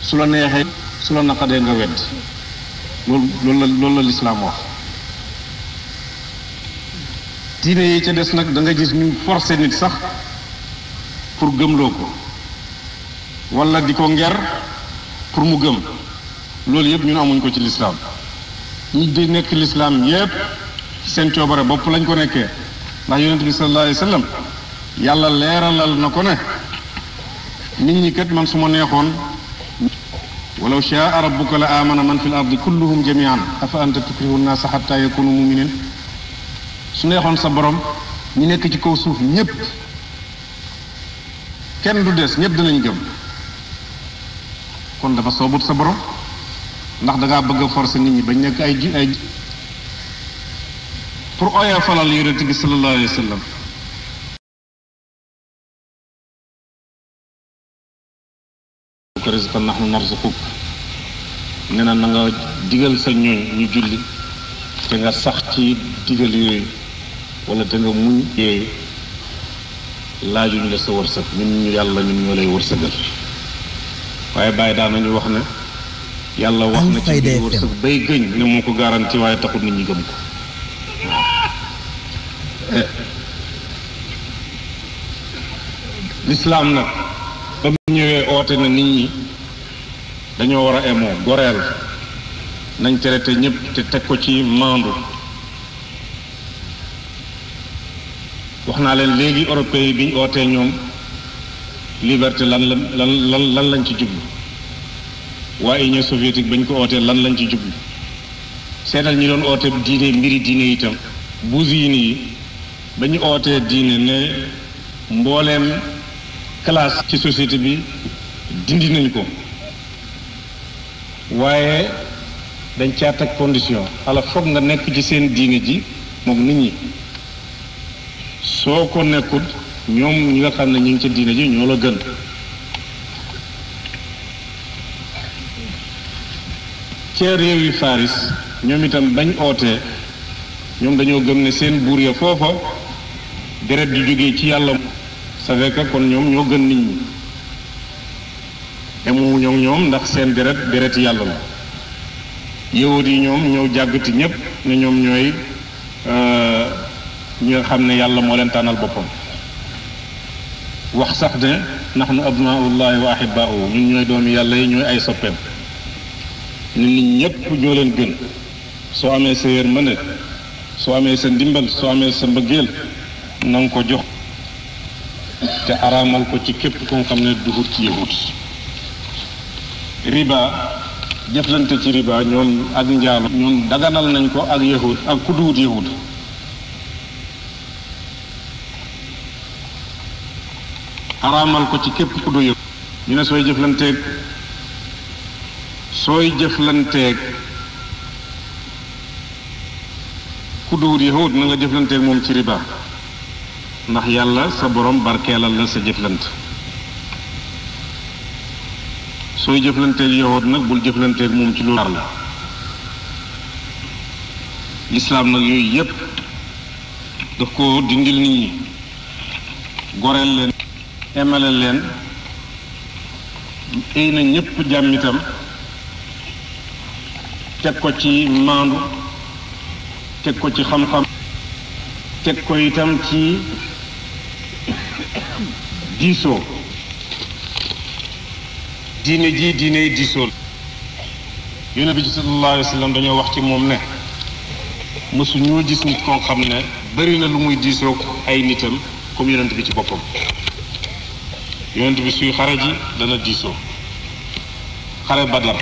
su la neexee su la naqadee nga wedd loolu loolu la loolu la lislaam wax diine yi ca des nag danga nga gis ñu forcé nit sax pour gëmloo ko wala di ko nger pour mu gëm loolu yëpp ñun amuñ ko ci lislaam ñi di nekk lislaam yëpp seen coobare bopp lañ ko nekkee ndax yonent bi sallallahu alayhi yàlla leeralal na ko ne nit ñi kat man su ma neexoon walaw shaa rabbuka la amana man fi l ardi kulluhum jamian afa anta tukrihu nnaasa xatta yakunu muminin su neexoon sa boroom ñu nekk ci kaw suuf ñépp kenn du des ñépp dinañ gëm kon dafa soobut sa borom ndax dangaa bëgg a forcer nit ñi bañ nekk ay ju ay pour ooyee falal yonent bi sallallahu alayhi wa sallam ko risqan nahnu narzuquk nee na na nga digal sa ñooñ ñu julli te nga sax ci digal yooyu wala te nga muñ eey laajuñ la sa wërsëg ñun yàlla ñun ñoo lay wërsëgal waaye bàyyi daan nañu wax na yàlla wax na ci biir wërsëg bay gëñ ne moo ko garanti waaye taxul nit ñi gëm ko lislaam nag ba mu ñëwee oote na nit ñi dañoo war a emoo goreel nañ traité ñëpp te teg ko ci maandu wax naa leen léegi européen bi ñu ootee ñoom liberté lan lan lan lan lañ ci jublu waaye Union soviétique ba ñu ko ootee lan lañ ci jublu seetal ñi doon oote diine mbiri diine itam bousine yi ba ñu ootee diine ne mbooleem classe ci société bi dindi nañ ko waaye dañ caa teg condition ala foog nga nekk ci seen diine ji moom nit ñi soo ko nekkul ñoom ñi nga xam ne ñu ngi ca diine ji ñoo la gën ca réew yi Faris ñoom itam bañ ootee ñoom dañoo gën ne seen buur ya foofa deret di jógee ci yàlla ça fait que kon ñoom ñoo gën nit ñi demoo ñoom ndax seen deret deret yàlla la yawut yi ñoom ñoo jàggati ñépp ne ñoom ñooy euh, ñi xam ne yàlla moo leen tànnal boppam wax sax ne nahnu abnaullahi wa ahibaau ñun ñooy doomi yàlla yi ñooy ay soppeem ñun nit ñépp ñoo leen gën soo amee sa yërmande soo amee sa ndimbal soo amee sa mbëggeel na ko jox te araamal ko ci képp ko xam ne duhut ci yahut riba jëflante ci riba ñoom ak njaalo ñoom daganal nañ ko ak yahut ak ku duhut yahut araamal ko ci képp ku doyëg ñu ne sooy jëflanteeg sooy jëflanteeg ku duwut yahut na nga jëflanteeg moom ci riba ndax yàlla sa borom barkeelal la sa jëflant sooy jëflanteeg yahut nag bul jëflanteeg moom ci lu la lislaam nag yooyu yépp daf ko dindil nit ñi yemale leen ay na ñépp jàmm itam teg ko ci maandu teg ko ci xam-xam teg ko itam ci diisoo diine ji diiney diisoo yonent bi sallallahu alayhi wa sallam dañoo wax ci moom ne mësu ñoo gis nit koo xam ne bari na lu muy diisoo ay nitam comme yonent bi ci boppam yonent bi suy xare ji dana diisoo xare ba badar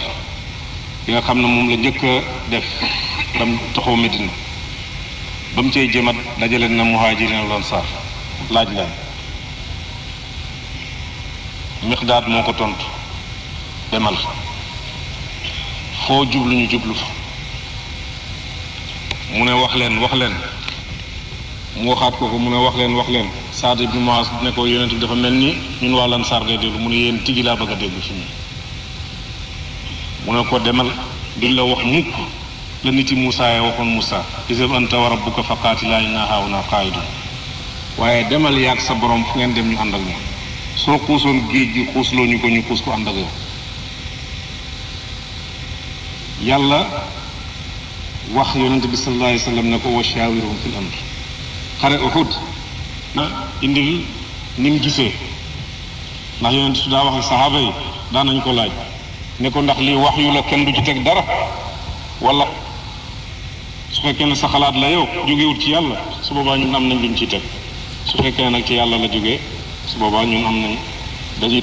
bi nga xam ne moom la njëkk a def dam taxaw medina ba mu cay jëmat dajale na muhajirin wal ansaar laaj leen miqdaad moo ko tontu demal foo jublu ñu jublu fa mu ne wax leen wax leen mu waxaat ko ko mu ne wax leen wax leen Saad ibnu mu ne ko yonent bi dafa mel ni ñun waa lan saar ngay déglu mu ne yéen tigi laa bëgg a déglu fi mu mu ne ko demal duñ la wax mukk la nit yi Moussa ya waxoon Moussa isab anta wa rabbuka fa qaatilaa innaa haahunaa qaa'idun waaye demal yaag sa borom fu ngeen dem ñu àndak ak soo xuusoon géej gi xuusloo ñu ko ñu xuus ko ànd ak yàlla wax yonent bi sallallahu alayhi wa ne ko wa shaawirhum fil amr xare Uhud na ah, indi ni mu gisee ndax yonent su daa wax ak saxaaba yi daan nañu ko laaj ne ko ndax lii wax yu la kenn du ci teg dara wala su fekkee ne sa xalaat la yow jógewut ci yàlla su boobaa ñun am nañ luñ ci teg su fekkee nag ci yàlla la jóge su boobaa ñun am nañ dañuy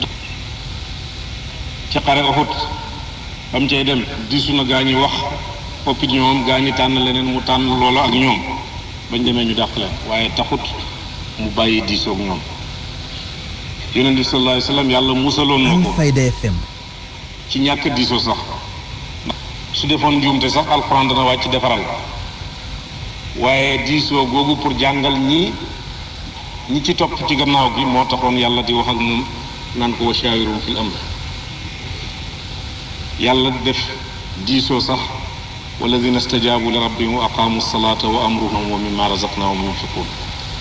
ci xare Uhud ba mu dem diisu na gaa ñi wax opinion am gaa ñi tànn leneen mu tànn loola ak ñoom bañ demee ñu dàq leen waaye taxut mu bàyyi diisoog ñoom yonent bi sallallahu alayhi wa sallam yàlla musaloon na ko Fayda FM ci ñàkk diisoo sax su defoon njuumte sax alxuraan dana wàcc defaral waaye diisoo googu pour jàngal ñi ñi ci topp ci gannaaw gi moo taxoon yàlla di wax ak moom naan ko wa shaawirum fil amr yàlla def diisoo sax walladina stajaabu li rabbihim wa aqaamu salaata wa amruhum wa mimma razaqnahum yunfiquun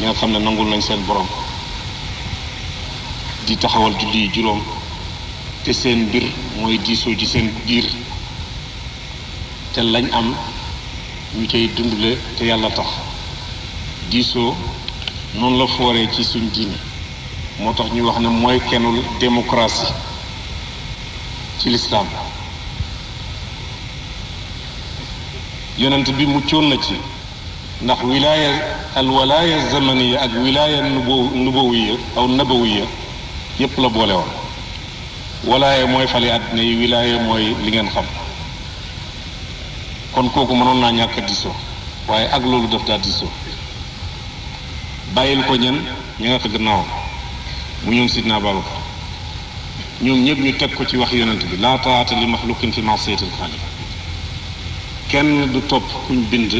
ñi nga xam ne nangul nañ seen borom di taxawal julli juróom te seen mbir mooy diisoo ci seen biir te lañ am ñu cay dundale te yàlla tax diisoo noonu la fooree ci suñ diine moo tax ñuy wax ne mooy kennul démocratie ci lislaam yonent bi muccoon na ci ndax wilaaya al walaaya zamaniya ak wilaaya nubu nubawiya aw nabawiya yépp la boole woon walaaya mooy fale àddina yi wilaaya mooy li ngeen xam kon kooku mënoon naa ñàkk a diisoo waaye ak loolu daf daa bàyyil ko ñen ñi nga xam gannaawam mu ñoom sidna Abubakar ñoom ñëpp ñu teg ko ci wax yonent bi laa taata li fi masiyatil xaaliq kenn du topp kuñ bind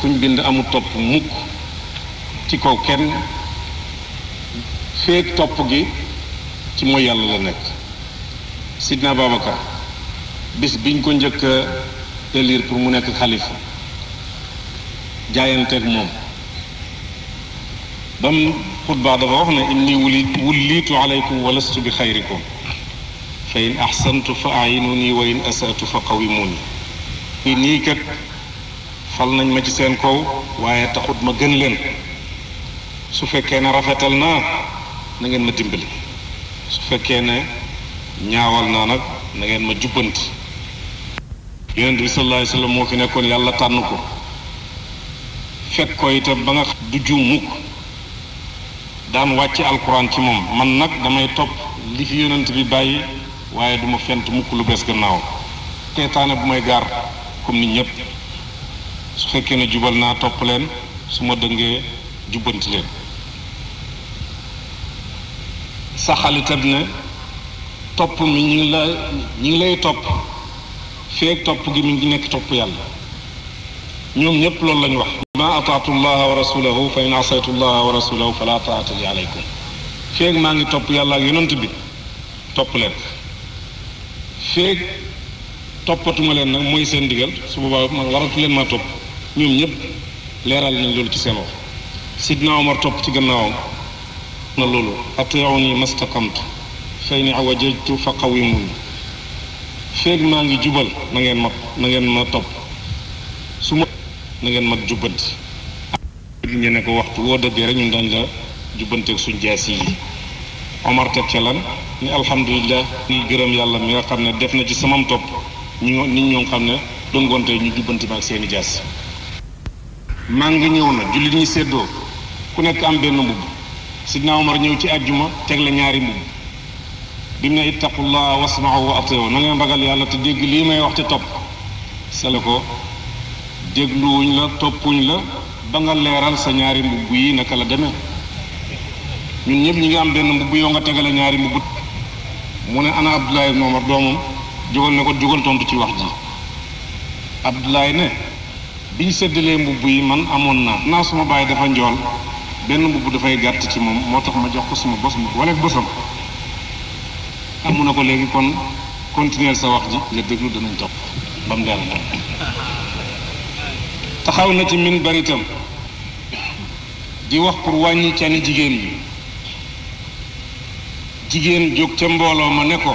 kuñ bind amul topp mukk ci kaw kenn feeg topp gi ci mooy yàlla la nekk sidna Babacar bis biñ ko njëkk a élire pour mu nekk xalifa jaayanteeg moom ba mu xutbaa dafa wax ne inni wuli wulliitu aleykum wa lastu bi xayrikum fa in axsantu fa ayinuni wa in asaatu fa qawimuni nii kat fal nañ ma ci seen kaw waaye taxut ma gën leen su fekkee ne rafetal naa na ngeen ma dimbali su fekkee ne ñaawal naa nag na ngeen ma jubbanti yonent bi sallallahu alayhi wa sallam moo fi nekkoon yàlla tànn ko fekk ko itam ba nga du juum mukk daan wàcce alquran ci moom man nag damay topp li fi yonent bi bàyyi waaye duma fent mukk lu bees gannaaw teetaane bu may gaar comme nit ñépp su fekkee na jubal naa topp leen su ma dëngee jubbanti leen saxal itam ne topp mi ñu ngi ñu lay topp feeg topp gi mi ngi nekk topp yàlla ñoom ñépp loolu lañu wax ma ataatu llaha wa rasulahu fa in asaytu llaha wa rasulahu fala taata li aleykum feeg maa ngi topp yàlla ak yonent bi topp leen feeg toppatuma leen nag mooy seen digal su boobaa waratu leen ma topp ñoom ñëpp leeral nañ loolu ci seen wax sidna Omar topp ci gannaawam na loolu atiuni mastaqamtu fay ni awajajtu fa qawimun feeg maa ngi jubal na ngeen ma na ngeen ma topp su ma na ngeen ma jubbanti ñu ne ko waxtu woo dëggee rek ñun dañ la jubbanteeg suñ jaasi yi Omar teg ca lan ni alhamdulilah ni gërëm yàlla mi nga xam ne def na ci samam topp ñi ñoo ñi ñoo xam ne dongoonte ñu jubbanti ma ak seeni jaas maa ngi ñëw na jullit ñi séddoo ku nekk am benn mbubb sidna Omar ñëw ci àjjuma teg la ñaari mbubb bi mu ne ittaqullaha wasma'u wa ati'u na ngeen ragal yàlla te dégg lii may wax te topp sale ko dégluwuñ la toppuñ la ba nga leeral sa ñaari mbubb yi naka la deme ñun ñëpp ñi ngi am benn mbubb yoo nga tegale ñaari mbubb mu ne ana Abdullahi ibn doomam jógal ne ko jógal tontu ci wax ji Abdullahi ne biñ seddalee mbubb yi man amoon naa naa suma bàyyi dafa njool benn mbubb dafay gàtt ci moom moo tax ma jox ko suma bos mbubb wala bosam amu na ko léegi kon continuer sa wax ji nga déglu danañ topp ba mu leer taxaw na ci min baritam di wax pour wàññi cani jigéen ñi jigéen jóg ca mbooloo ma ne ko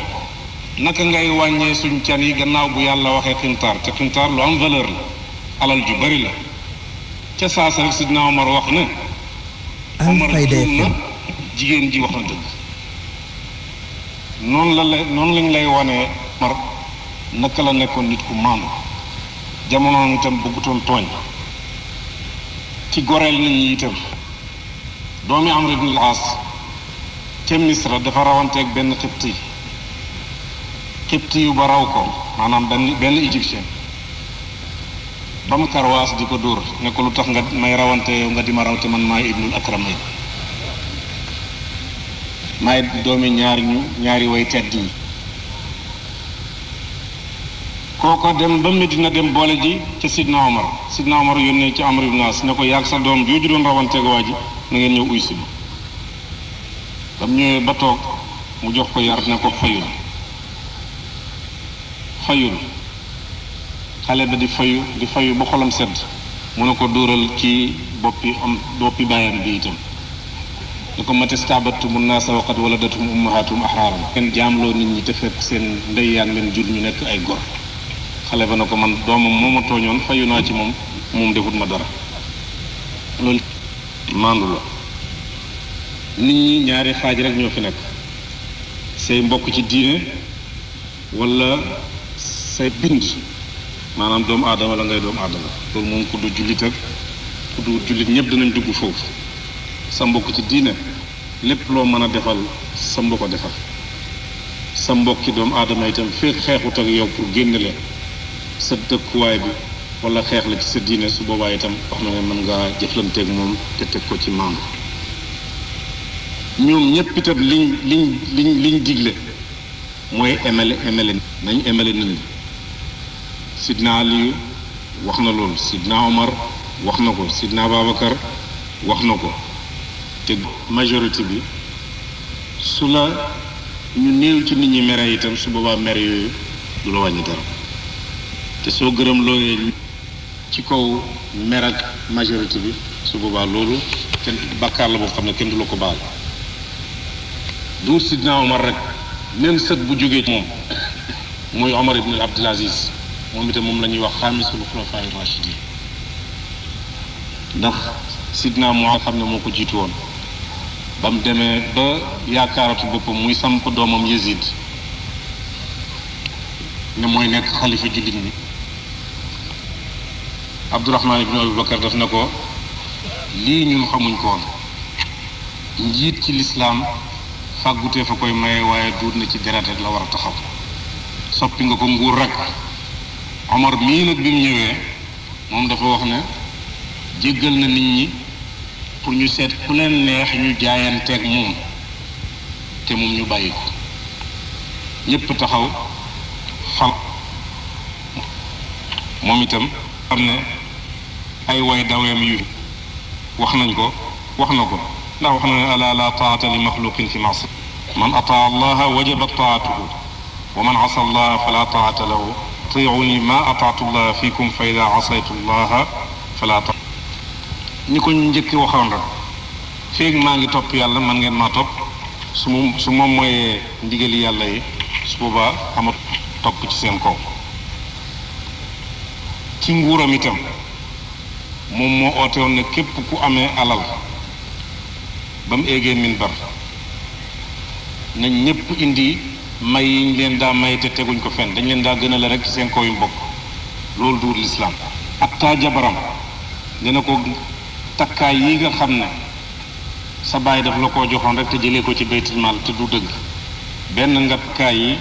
naka ngay wàññee suñ can yi gannaaw bu yàlla waxee xintaar te xintaar lu am valeur la alal ju bari la ca saasa rek sidna Omar wax ne Omar juum ji wax na noonu la la lañ lay wanee Omar naka la nekkoon nit ku maandu jamonoom itam bëggutoon tooñ ci goreel nit ñi itam doomi Amr ibn al-As ca Misra dafa rawanteeg benn xibti xibti yu ba raw ko maanaam benn benn égyptien ba mu karwaas di ko dóor ne lu tax nga may rawante yow nga di ma rawte man maa ibnul akram yi maay ñaari way tedd yi kooko dem ba dina dem boole ji ca Sidna Omar Sidna Omar yónnee ci Amr ibn As ne ko yaag sa doom jooju doon rawanteeg waa ji na ngeen ñëw uy si ma ba mu ñëwee ba toog mu jox ko yar ne ko fayul fayul xale ba di fayu di fayu bu xolam sedd mu ne ko dóoral ci boppi am boppi baayam bi itam lu ko matistaabatu mun naa sa waqat wala datum ummahatum axraaram kenn jaamloo nit ñi seen ndey yaa ngi ñu nekk ay gor xale ba ne ko man doomam moo tooñoon fayu naa ci moom moom defut ma dara loolu maandu la nit ñi ñaari xaaj rek ñoo fi nekk say mbokk ci diine wala say bind maanaam doomu aadama la ngay doomu aadama loolu moom ku du jullit ak ku du jullit ñëpp dinañ dugg foofu sa mbokk ci diine lépp loo mën a defal sa mbokk defal sa mbokki doomu aadama itam fekk xeexut ak yow pour génn leen sa dëkkuwaay bi wala xeex la ci sa diine su boobaa itam wax na ne mën ngaa jëflanteeg moom te teg ko ci maam ñoom ñëpp itam liñ liñ liñ liñ digle mooy emele emele nañ emele nit ñi sidna ali wax na loolu sidna omar wax na ko sidna babacar wax na ko te majorité bi su la ñu néew ci nit ñi mere itam su boobaa mere yooyu du la wàññi dara te soo gërëm looyee ci kaw mer ak majorité bi su boobaa loolu kenn bàkkaar la boo xam ne kenn du la ko baal duur sidna omar rek nen sët bu jógee moom muy omar ibn abdul aziz moom itam moom la ñuy wax xaamisul xulafaayu rachidin ndax sidna moo xam ne moo ko jiitu woon ba mu demee ba yaakaaratu boppam muy samp doomam Yazid ne mooy nekk xalifa jullit ñi Abdourahman ibn Abi Bakar daf na ko lii ñun xamuñ ko woon njiit ci lislaam fàggutee fa koy maye waaye duut na ci deret rek la war a taxaw soppi nga ko nguur rek Omar mii nag bi ñëwee moom dafa wax ne jéggal na nit ñi pour ñu seet ku leen neex ñu jaayanteeg moom te moom ñu bàyyi ko ñépp taxaw xal moom itam am ne ay way daweem yu wax nañ ko wax na ko ndax wax na ne ala la taata li maxluqin fi maasi man ataa allaha wajabat taatuhu wa man asa allaha fala taata lahu atiuni ma ataatu llah fikum fa ida asaytu ko njëkki waxoon rek féeg maa ngi topp yàlla man ngeen maa topp su su moom mooyee ndigali yàlla yi su boobaa ama topp ci seen kaw ci nguuram itam moom moo oote woon ne képp ku amee alal ba mu eegee minbar nañ ñépp indi may yiñ leen daa may te teguñ ko fenn dañ leen daa gën a la rek seen koo yu loolu du lislaam ak taa jabaram dina ko takkaay yi nga xam ne sa baay daf la koo joxoon rek te jëlee ko ci baytul maal te du dëgg benn nga yi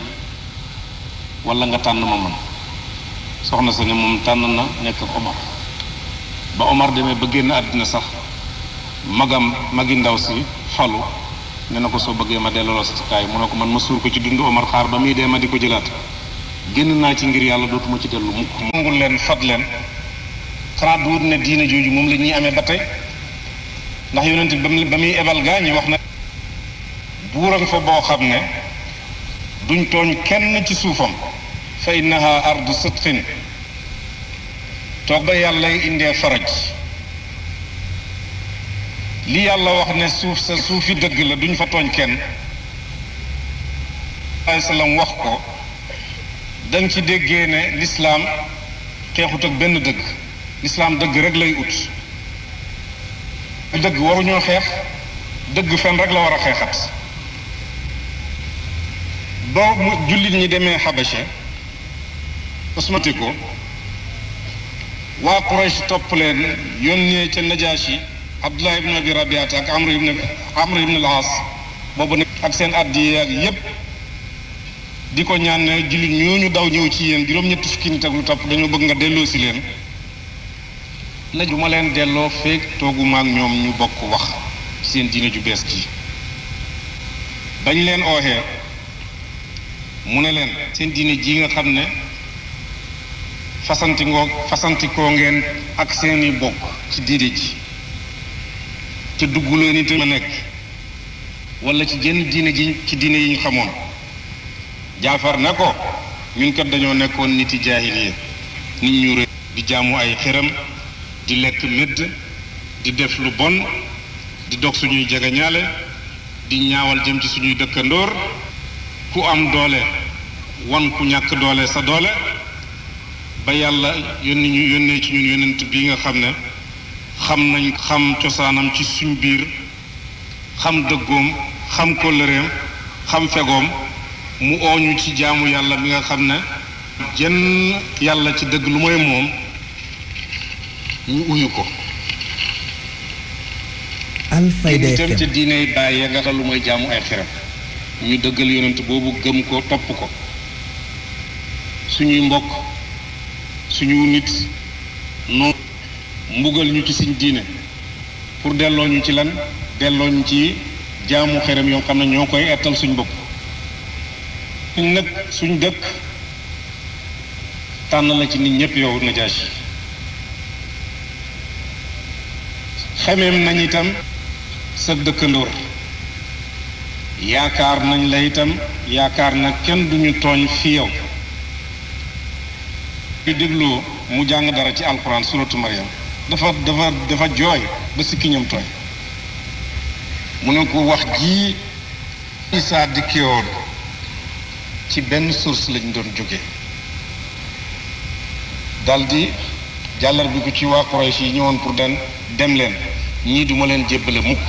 wala nga tànn ma man soxna sa ne moom tànn na nekk ak Omar ba Omar demee ba génn àddina sax magam magi ndaw si xalu ne na ko soo bëggee ma delloo sa takkaay mu ne ko man ma suur ko ci dund Omar xaar ba muy dee ma di ko jëlaat génn naa ci ngir yàlla dootuma ci dellu mukk nangul leen fat leen xanaa du ne diine jooju moom la ñuy amee ba tey ndax yonent ba mu ba muy ebal gaa ñi wax na buuram fa boo xam ne duñ tooñ kenn ci suufam fa innaha ardu sidqin toog ba yàlla indee faraj li yàlla wax ne suuf sa suufi dëgg la duñu fa tooñ kenn ay salaam wax ko dañ ci déggee ne lislaam xeexut ak benn dëgg lislaam dëgg rek lay ut dëgg waruñoo xeex dëgg fen rek la war a xeexat boo mu jullit ñi demee xabashe osmati ko waa Quraysh topp leen yónnee ca Najaasi abdullah ibn abi rabiat ak amr ibn amr ibn al-aas boobu nag ak seen addi ak yépp di ko ñaan ne jullit ñooñu daw ñëw ci yéen juróom-ñetti fukki lu topp dañoo bëgg nga delloo si leen la ju ma leen delloo feeg tooguma ñoom ñu bokk wax seen diine ju bees ji bañ leen ooxee mu ne leen seen diine ji nga xam ne fasanti fasantikoo ngeen ak seeni bokk ci diine ji te dugguloo nit ma nekk wala ci jenn diine ji ci dina yi ñu xamoon jaafar na ko ñun kat dañoo nekkoon niti jaahiliya nit ñu rëy di jaamu ay xëram di lekk médd di def lu bon di dog suñuy jegeñaale di ñaawal jëm ci suñuy dëkkandoor ku am doole wan ku ñàkk doole sa doole ba yàlla yónni ñu yónnee ci ñu yónnent bii nga xam ne xam nañ xam cosaanam ci suñ biir xam dëggoom xam kóllëreem xam fegoom mu ooñu ci jaamu yàlla bi nga xam ne jën yàlla ci dëgg lu mooy moom ñu uyu ko
alfayda itam ca
diiney baay nga xam lu mooy jaamu ay xeram ñu dëggal yonent boobu gëm ko topp ko suñuy mbokk suñu nit mbugal ñu ci suñ diine pour delloo ñu ci lan delloo ñu ci jaamu xerem yoo xam ne ñoo koy ettal suñ bopp suñ nag suñ dëkk tànn la ci nit ñëpp yow Najaasi xemeem nañ itam sa dëkkandoor yaakaar nañ la itam yaakaar na kenn duñu tooñ fi yow bi dégloo mu jàng dara ci alxuraan suratu Maryam dafa dafa dafa jooy ba ñëw tooy mu ne ko wax jii isaa di woon ci benn source lañ doon jóge daldi jàllar ci waa Quraysh yi ñëwoon pour den dem leen ñii duma leen jébbale mukk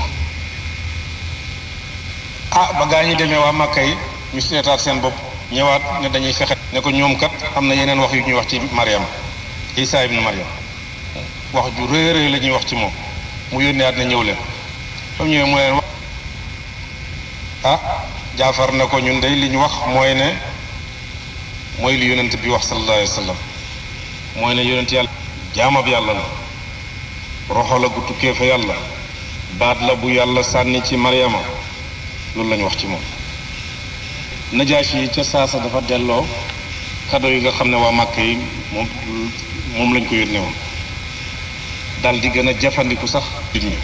ah ba gaa yi demee waa makka yi ñu seetaat seen bopp ñëwaat ne dañuy fexe ne ko ñoom kat am na yeneen wax yu ñuy wax ci Mariam Isa ibnu Mariam wax ju rëy rëy la ñuy wax ci moom mu yónneewaat na ñëw leen comme ñëwee ah jaafar na ko ñun day li ñu wax mooy ne mooy li yonent bi wax sallallahu alayhi wa sallam mooy ne yonent yàlla jaamab yàlla la roxo gu tukkee fa yàlla baat la bu yàlla sànni ci Mariama loolu la wax ci moom najaasi yi ca saasa dafa delloo kado yi nga xam ne waa màkk yi moom lañ ko yónnee woon dal di gën a jafandiku sax nit ñi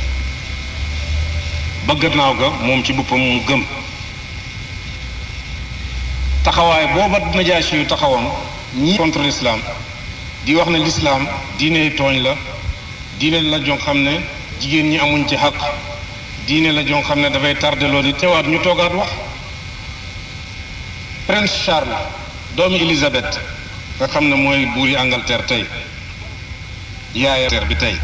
ba gannaaw ga moom ci boppam mu gëm taxawaay booba najaasi yu taxawoon ñi contre l'islam di wax ne l'islam diine tooñ la diine la joo xam ne jigéen ñi amuñ ci xaq diine la joo xam ne dafay tardeloo di teewaat ñu toogaat wax Prince Charles doomu Elizabeth nga xam ne mooy buuri Angleterre tey yaayam bi tey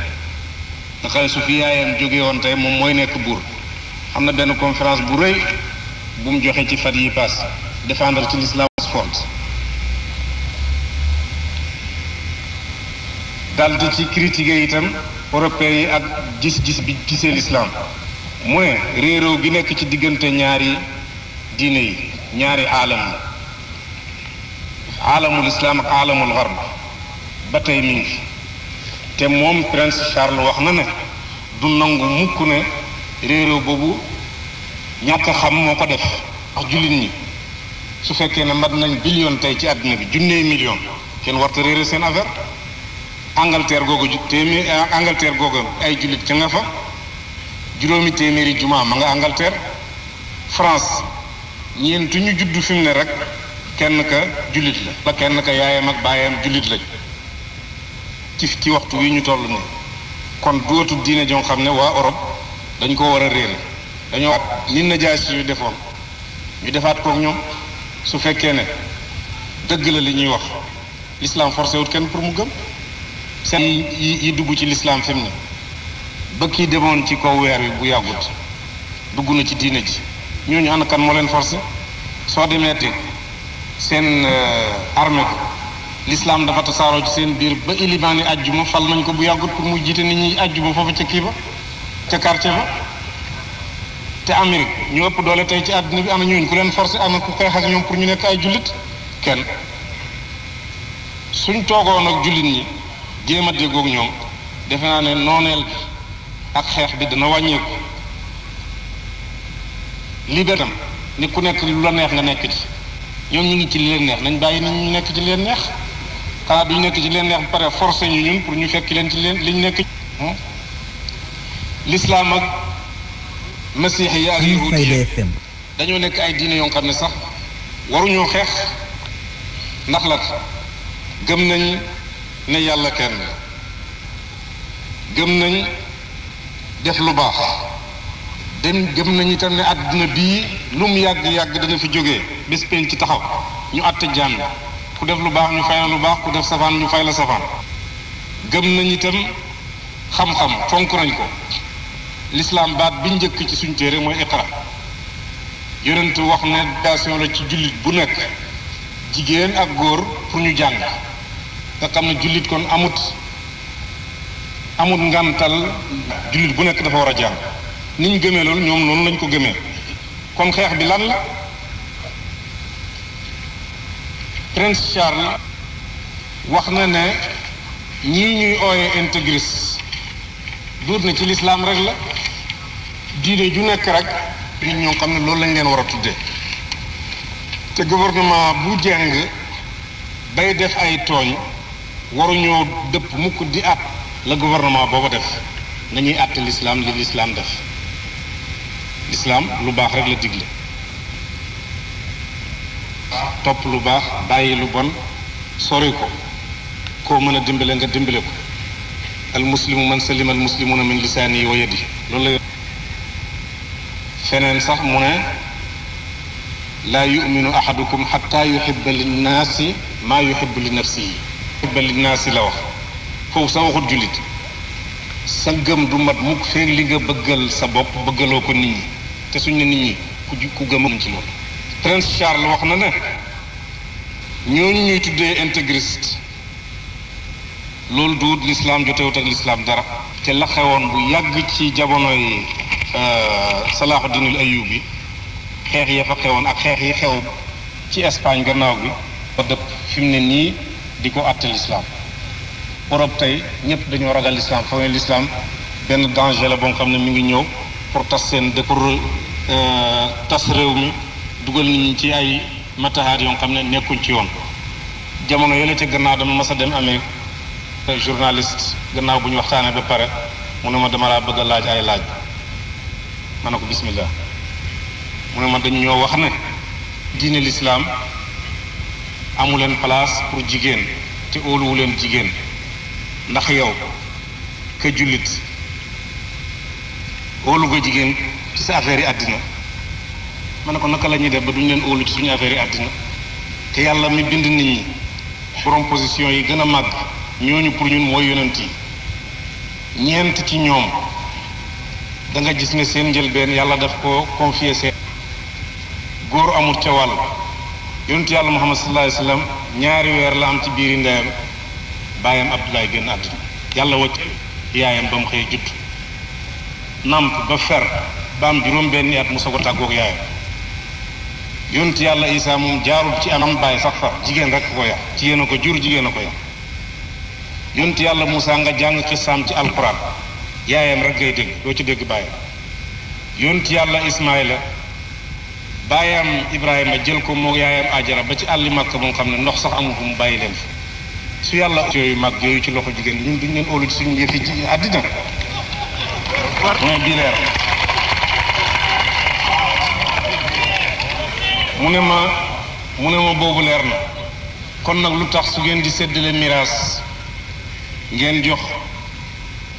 nga xam ne su fi yaayam jóge woon tey moom mooy nekk buur am na benn conférence bu rëy bu mu joxe ci fat yi paas défendre ci l'islam sport dal di ci critiquer itam européens yi ak gis-gis bi gisee l'islam mu ne gi nekk ci diggante ñaari diine yi ñaari aalam la aalamul islam ak aalamul xarb ba tey mi te moom prince Charles wax na ne du nangu mukk ne réeróo boobu ñàkk xam moo ko def ndax jullit ñi su fekkee ne mat nañ billion tey ci àddina bi junnee million kenn warta réeré seen affaire Angleterre googu ju ay jullit ca nga fa juróomi téeméeri jumaa ma nga Angleterre France ñeent ñu judd fi mu ne rek kenn ka jullit la la kenn ka yaayam ak baayam jullit lañ ci ci waxtu yi ñu toll nii kon dootul diine joo xam ne waa Europe dañ koo war a réere dañoo ni Najaasi yu defoon ñu defaat kook ñoom su fekkee ne dëgg la li ñuy wax l'islam forcé wut kenn pour mu gëm seen yi dugg ci l'islam fi mu ne ba demoon ci kaw weer wi bu yàggut dugg na ci diine ji ñooñu ana kan moo leen forcé soo demeeti seen euh, armée lislaam dafa tasaaroo ci seen biir ba ilimaani ajjuma fal nañ ko bu yàggut pour mu jiite nit ñi ajjuma foofu ca kii ba ca quartier ba te Amérique ñu ëpp doole tey ci àddina bi ana ñooñu ku leen forcé ana ku ak ñoom pour ñu nekk ay jullit kenn suñ toogoon ak jullit ñi jéem a déggoog ñoom defe naa ne nooneel ak xeex bi dana wàññeeku li betam ni ku nekk lu neex nga nekk ci ñoom ñu ngi ci li leen neex nañ bàyyi nañu nekk ci leen neex xanaa duñ nekk ci leen neex ba pare forcé ñu ñun pour ñu fekk leen ci leen liñ nekk ah. lislaam ak masiix yi ak yahuudi dañoo nekk ay diine yoo xam ne sax waruñoo xeex ndax la gëm nañ ne yàlla kenn gëm nañ def lu baax dem gëm nañu itam ne àdduna bii lu mu yàgg yàgg dana fi jóge bés ci taxaw ñu àtt jaan ku def lu baax ñu fay la lu baax ku def safaan ñu fay la safaan gëm nañ itam xam-xam fonk nañ ko lislaam baat bi njëkk ci suñ téere mooy iqra yonent wax ne dation ci jullit bu nekk jigéen ak góor pour ñu jàng nga xam ne jullit kon amut amut ngantal jullit bu nekk dafa war a jàng ñu gëmee loolu ñoom noonu lañ ko gëmee kon xeex bi lan la prince Charles wax na ne ñii ñuy ooye intégriste duut na ci lislaam rek la diine ju nekk rek ñun ñoo xam ne loolu lañ leen war a tuddee te gouvernement bu jeng bay def ay tooñ waruñoo dëpp mukk di at la gouvernement booba def nañuy àtte lislaam li lislaam def lislaam lu baax rek la digle topp lu baax bàyyi lu bon sori ko ko mën a dimbale nga dimbale ko al muslimu man salima al muslimuna min lisaani wa yadi loolu la feneen sax mu ne laa yuminu ahadukum xatta yuhibba ma maa yuhibbu li nafsihi yuhibba linnaasi la wax foofu sax waxut jullit sa gëm du mat mukk feeg li nga bëggal sa bopp bëggaloo ko nit ñi te suñ ne nit ñi ku ku gëmanuñ ci loolu prince Charles wax na ne ñooñu ñuy tuddee intégriste loolu duut lislaam jotewut ak lislaam dara te la xewoon bu yàgg ci jamonoy euh, salaaxu dinul ayub bi xeex ya fa xewoon ak xeex yi xew ci Espagne gannaaw bi ba dëpp fi mu ne nii di ko àtte lislaam Europe tey ñëpp dañoo ragal lislaam fa ne lislaam benn danger la boo xam ne mu ngi ñëw pour tas seen de euh, pour tas réew mi dugal nit ñi ci ay matahaat yoo xam ne nekkuñ ci yoon jamono yële ca gannaaw dama mas a dem Amérique journaliste gannaaw bu ñu waxtaanee ba pare mu ma dama laa bëgg laaj ay laaj mën ne ko bismillah mu ne ma dañ ñoo wax ne diine lislaam amuleen place pour jigéen te óoluwu leen jigéen ndax yow ka jullit óolu nga jigéen ci sa affaire yi àddina ma ne ko naka la ñuy def ba duñ leen óolu ci suñu affaire yi àddina te yàlla mi bind nit ñi borom yi gën a màgg ñooñu pour ñun mooy yonent yi ñeent ci ñoom danga gis ne seen njëlbeen yàlla daf ko confier seen góor amul ca wàll yonent yàlla muhammad sallallahu alayhi ñaari weer la am ci biiri ndeyam baayam abdoulaye génn àdduna yàlla wacc yaayam ba mu xëy judd nàmp ba fer ba am juróom benn at mu soog a tàggoog yaayam yonent yàlla isaa moom jaarul ci anam bàyyi sax sax jigéen rek ko yar ci ko jur jigéen a ko yar yonent yàlla Muusaa nga jàng xisaam ci alquran yaayam rek ngay dégg doo ci dégg bàyyam yonent yàlla Ismaayla bàyyam Ibrahima jël ko moo yaayam ajara ba ci àlli Màkka moom xam ne ndox sax amul fu mu bàyyi leen fi su yàlla yooyu mag yooyu ci loxo jigéen ñun duñ leen óolu ci suñu yëfi ji àddina mooy bi mu ne ma mu ne ma boobu leer na kon nag lu tax su ngeen di séddale miraas ngeen jox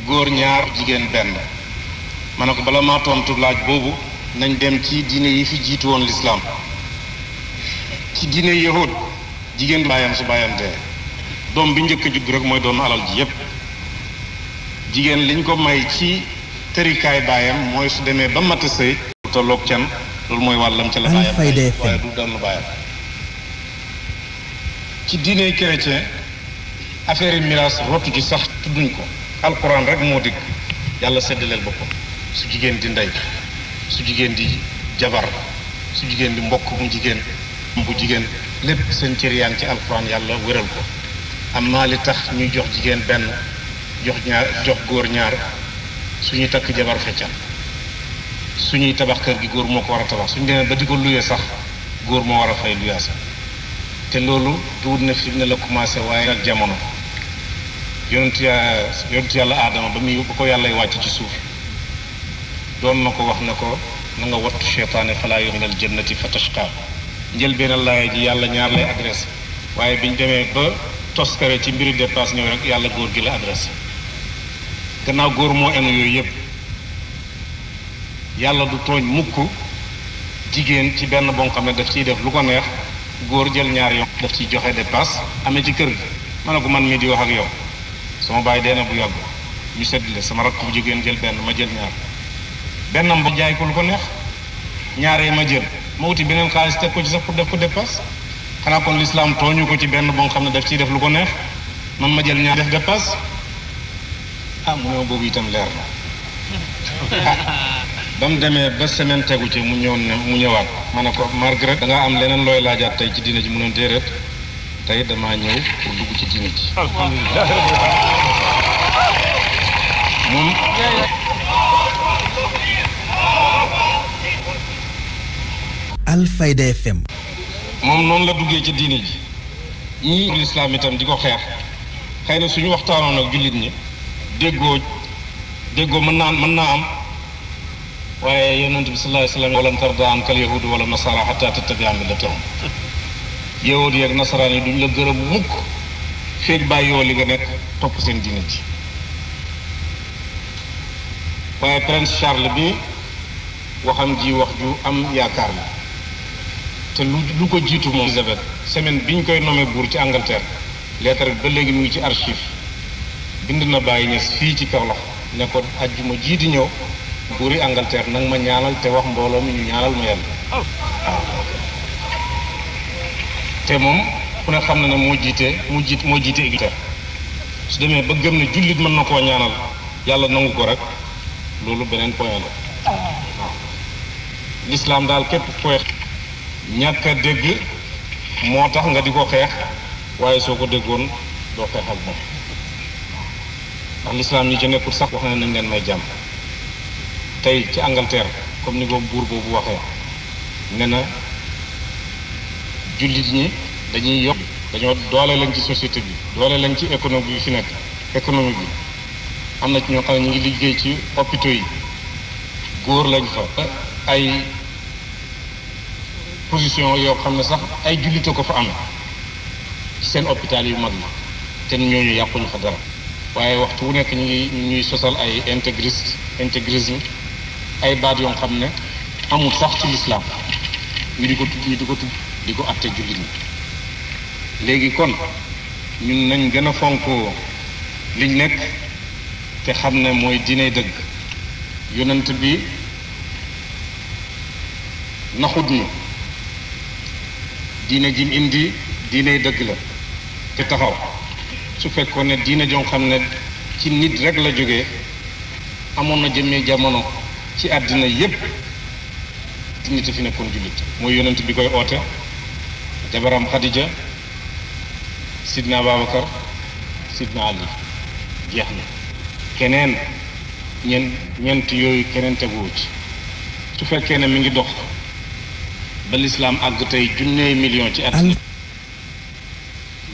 góor ñaar jigéen benn ma ne ko bala maa tontu laaj boobu nañ dem ci diine yi fi jiitu woon lislaam ci diine yahud jigéen baayam su baayam dee doom bi njëkk a rek mooy doon alal ji yépp jigéen liñ ko may ci tërikaay baayam mooy su demee ba mat a sëy loolu mooy wàllam ci la bàyyam waaye du doon lu bàyyam ci diine chrétien affaire yi miraas rottu ci sax tudduñ ko alquran rek moo dikk yàlla séddaleel boppam su jigéen di ndey su jigéen di jabar su jigéen di mbokk bu jigéen bu jigéen lépp seen cër ci alquran yàlla wéral ko am naa li tax ñuy jox jigéen benn jox jox góor ñaar suñuy takk jabar feccal suñuy tabax kër gi góor moo ko war a tabax suñu demee ba di ko luyee sax góor moo war a fay luyaa te loolu duwut na fi ne la commencé waaye ak jamono yonentu yaa yàlla aadama ba muy ba ko yàllay wàcc ci suuf doon na ko wax ne ko na nga wattu cheytaane falaa yuxlal jannati fa tashqa njëlbeen laay ji yàlla ñaar lay adresse waaye biñ demee ba toskare ci mbiru dépasse ñëw rek yàlla góor gi la adresse gannaaw góor moo enu yooyu yëpp yàlla du tooñ mukk jigéen ci benn boo xam ne daf ciy def lu ko neex góor jël ñaar yoon daf ciy joxe depas amee ci kër gi ma ne ko man mii di wax ak yow suma bàyyi dee na bu yàgg ñu seddale sama rakk jigéen jël benn ma jël ñaar benn mba jaay ko lu ko neex ñaaree ma jël ma wuti beneen xaalis teg ci sax pour def ko lislaam tooñu ko ci benn boo xam ne daf ciy def lu ko neex man ma jël ñaar def dépasse ah mu ma boobu itam leer na ba demee ba semaine tegu ci mu ñëw mu ñëwaat ma ne ko Margaret danga am leneen looy laajaat tey ci diine ji mu ne déedéet tey damaa ñëw pour dugg ci diine ji alhamdulilah moom
Alfayda FM
moom noonu la duggee ci diine ji ñii lislaam itam di ko xeex xëy na suñu waxtaanoon ak jullit ñi déggoo déggoo mën naa mën naa am waaye yonent bi sallallahu alayhi wa sallam walan tarda an kal yahudu wala nasara xata tattabia millatahum yahud yeeg nasaraan yi duñ la gërëm mukk feeg bàyyi yoo li nga nekk topp seen diine ji waaye prince Charles bi waxam ji wax ju am yaakaar la te lu lu ko jiitu moom Elizabeth semaine bi koy nommé buur ci Angleterre lettre bi ba léegi mu ci archive bind na bàyyi ñes fii ci Kaolack ne ko ajjuma jii di ñëw buuri Angleterre nag ma ñaanal te wax mbooloo mi ñu ñaanal ma yàlla ah. te moom ku ne xam na ne moo jiite moo moo jiite Angleterre su demee ba gëm ne jullit mën na koo ñaanal yàlla nangu ko rek loolu beneen point la waaw ah. lislaam daal képp koy ñàkk a dégg moo tax nga di ko xeex waaye soo ko déggoon doo xeex ak moom ndax lislaam ñi ci nekkul sax wax na nañ leen may jàmm tey ci Angleterre comme ni ko buur boobu waxee ne na jullit ñi dañuy yokk dañoo doole lañ ci société bi doole lañ ci économie bi fi nekk économie am na ci ñoo xam ne ñu ngi liggéey ci hôpitaux yi góor lañ fa ay position yoo xam ne sax ay jullite ko fa amee ci seen hôpital yu mag yi ten ñooñu yàquñu fa dara waaye waxtu wu nekk ñu ngi ñuy sosal ay intégriste intégrisme ay baat yoo xam ne amul sax ci lislaam ñu di ko ñu di ko tudd di ko atte jullit ñi léegi kon nañ gën a fonk liñ nekk te xam ne mooy diine dëgg yonent bi naxut ñu diine jim indi diine dëgg la te taxaw su fekkoon ne diine joo xam ne ci nit rek la jóge amoon na jëmee jamono ci àddina yépp dignité fi nekkoon jullit mooy yonent bi koy oote jabaram Khadija sidna Babacar sidna Ali jeex na keneen ñen ñent yooyu keneen teguwu ci su fekkee ne mi ngi dox ba lislaam àgg tey junnee million ci at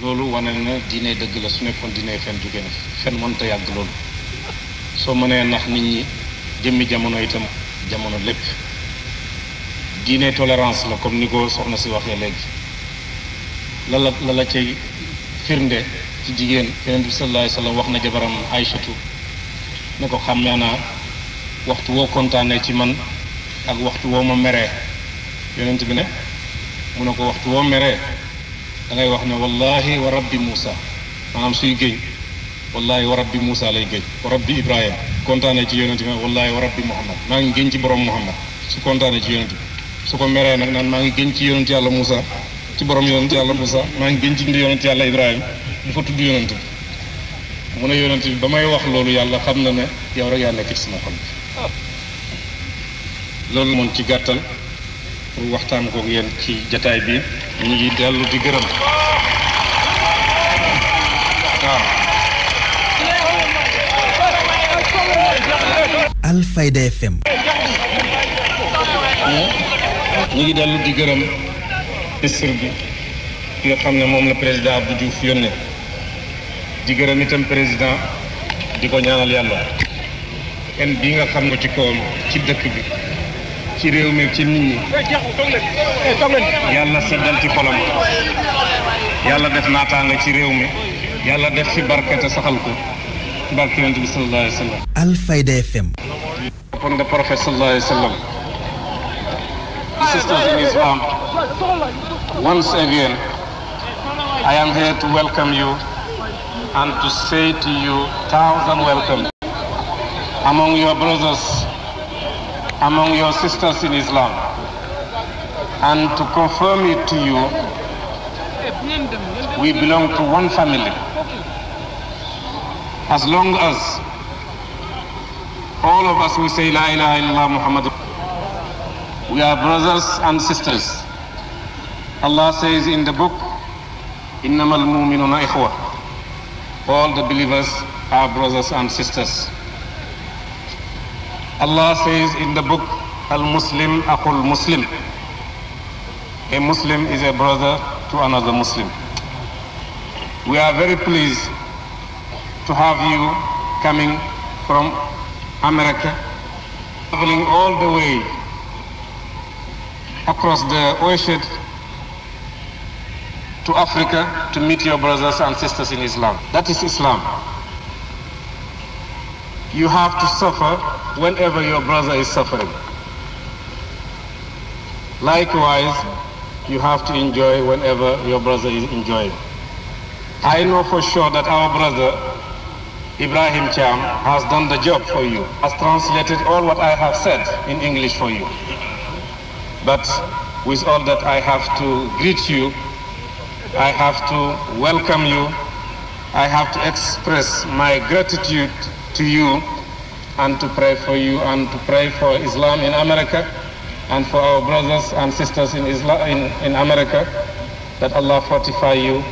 loolu wane na dina dëgg la su nekkoon diine fen jóge na fen mënta yàgg loolu soo mënee nax nit ñi jëmmi jamono itam jamono lépp diine tolérance la comme ni ko soxna si waxee léegi la la la la firnde ci jigéen yonent bi sallallahu alayhi wasallam wax na jabaram Aysatu ne ko xàmmee naa waxtu woo kontaanee ci man ak waxtu woo ma meree yonent bi ne mu ne ko waxtu woo meree da wax ne wallahi wa rabbi Muusa maanaam suy géñ wallaahi wa bi Moussa lay géej wa bi Ibrahima kontaanee ci yonent bi wallaahi wa rabbi Muhammad maa ngi génn ci borom Muhammad su kontaanee ci yonent bi su ko meree nag naan maa ngi génn ci yonent yàlla Moussa ci borom yonent yàlla Moussa maa ngi génn ci ndi yonent yàlla Ibrahima du fa tudd yonent bi mu ne yonent bi ba may wax loolu yàlla xam na ne yow rek yaa nekk ci sama loolu moom ci gàttal pour waxtaan kook yéen ci jataay bi ñu ngi dellu di gërëm al Alfayda FM. ñu ngi dellu di gërëm ministre bi yoo xam ne moom la président Abdou Diouf yónnee di gërëm itam président di ko ñaanal yàlla. kenn bi nga xam ne ci kawam ci dëkk bi ci réew mi ci nit ñi yàlla seddal ci xolam yàlla def naataanga ci réew mi yàlla def fi barkete saxal ko. barke yonent bi sallallahu Sisters in Islam, once again, I am here to welcome you and to say to you thousand welcome among your brothers, among your sisters in Islam, and to confirm it to you, we belong to one family. as long as all of us will say La ilaha illallah Muhammad, we are brothers and sisters. Allah says in the book, إنما المؤمنون the believers are brothers and sisters. Allah says in the book, Al-Muslim أخو Muslim. A Muslim is a brother to another Muslim. We are very pleased to have you coming from America, traveling all the way across the ocean to Africa to meet your brothers and sisters in Islam. That is Islam. You have to suffer whenever your brother is suffering. Likewise, you have to enjoy whenever your brother is enjoying. I know for sure that our brother Ibrahim Cham has done the job for you, has translated all what I have said in English for you. But with all that, I have to greet you, I have to welcome you, I have to express my gratitude to you and to pray for you and to pray for Islam in America and for our brothers and sisters in, Islam, in, in America that Allah fortify you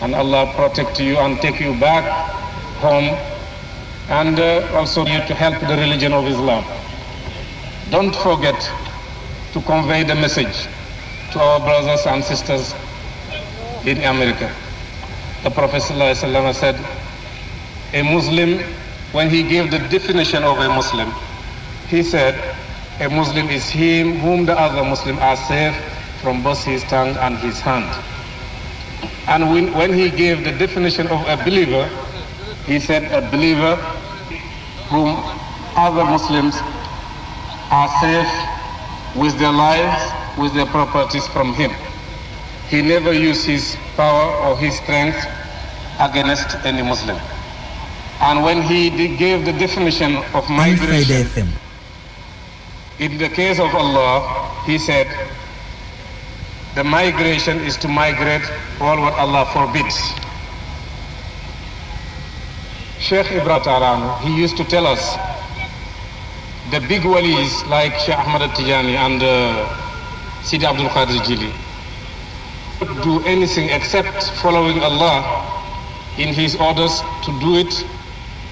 and Allah protect you and take you back home and uh, also to help the religion of Islam. Don't forget to convey the message to our brothers and sisters in America. The Prophet ﷺ said, a Muslim, when he gave the definition of a Muslim, he said, a Muslim is him whom the other Muslims are safe from both his tongue and his hand. And when, when he gave the definition of a believer, He said, a believer whom other Muslims are safe with their lives, with their properties from him. He never used his power or his strength against any Muslim. And when he gave the definition of migration, in the case of Allah, he said, the migration is to migrate all what Allah forbids. Sheikh Ibra Tarano, he used to tell us the big walis like Sheikh Ahmad Tijani and uh, Sidi Abdul Qadir Jili would do anything except following Allah in his orders to do it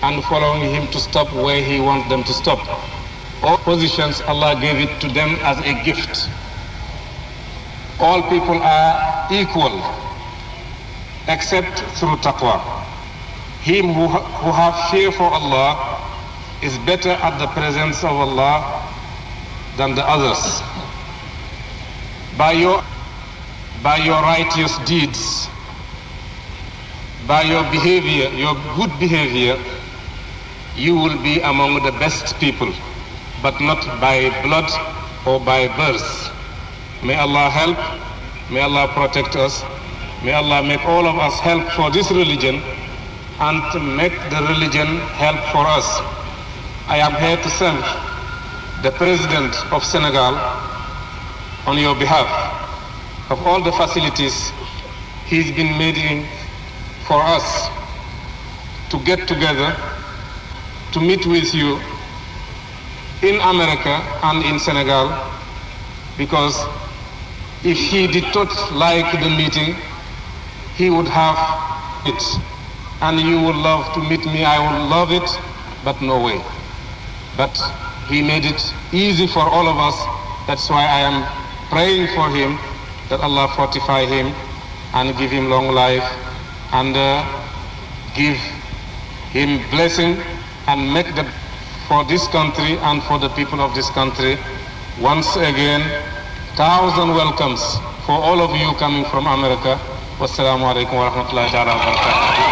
and following him to stop where he wants them to stop. All positions Allah gave it to them as a gift. All people are equal except through taqwa. Him who, who have fear for Allah is better at the presence of Allah than the others. By your, righteous deeds, by your good behavior, you will be among the best people, but not by blood or by birth. May Allah help. May Allah protect us. May Allah make all of us help for this religion. and make the religion help for us. I am here to thank the President of Senegal on your behalf of all the facilities he's been making for us to get together, to meet with you in America and in Senegal, because if he did not like the meeting, he would have it. and you would love to meet me, I would love it, but no way. But he made it easy for all of us. That's why I am praying for him that Allah fortify him and give him long life and uh, give him blessing and make the for this country and for the people of this country once again thousand welcomes for all of you coming from America. Wassalamu alaikum wa rahmatullahi wa barakatuh.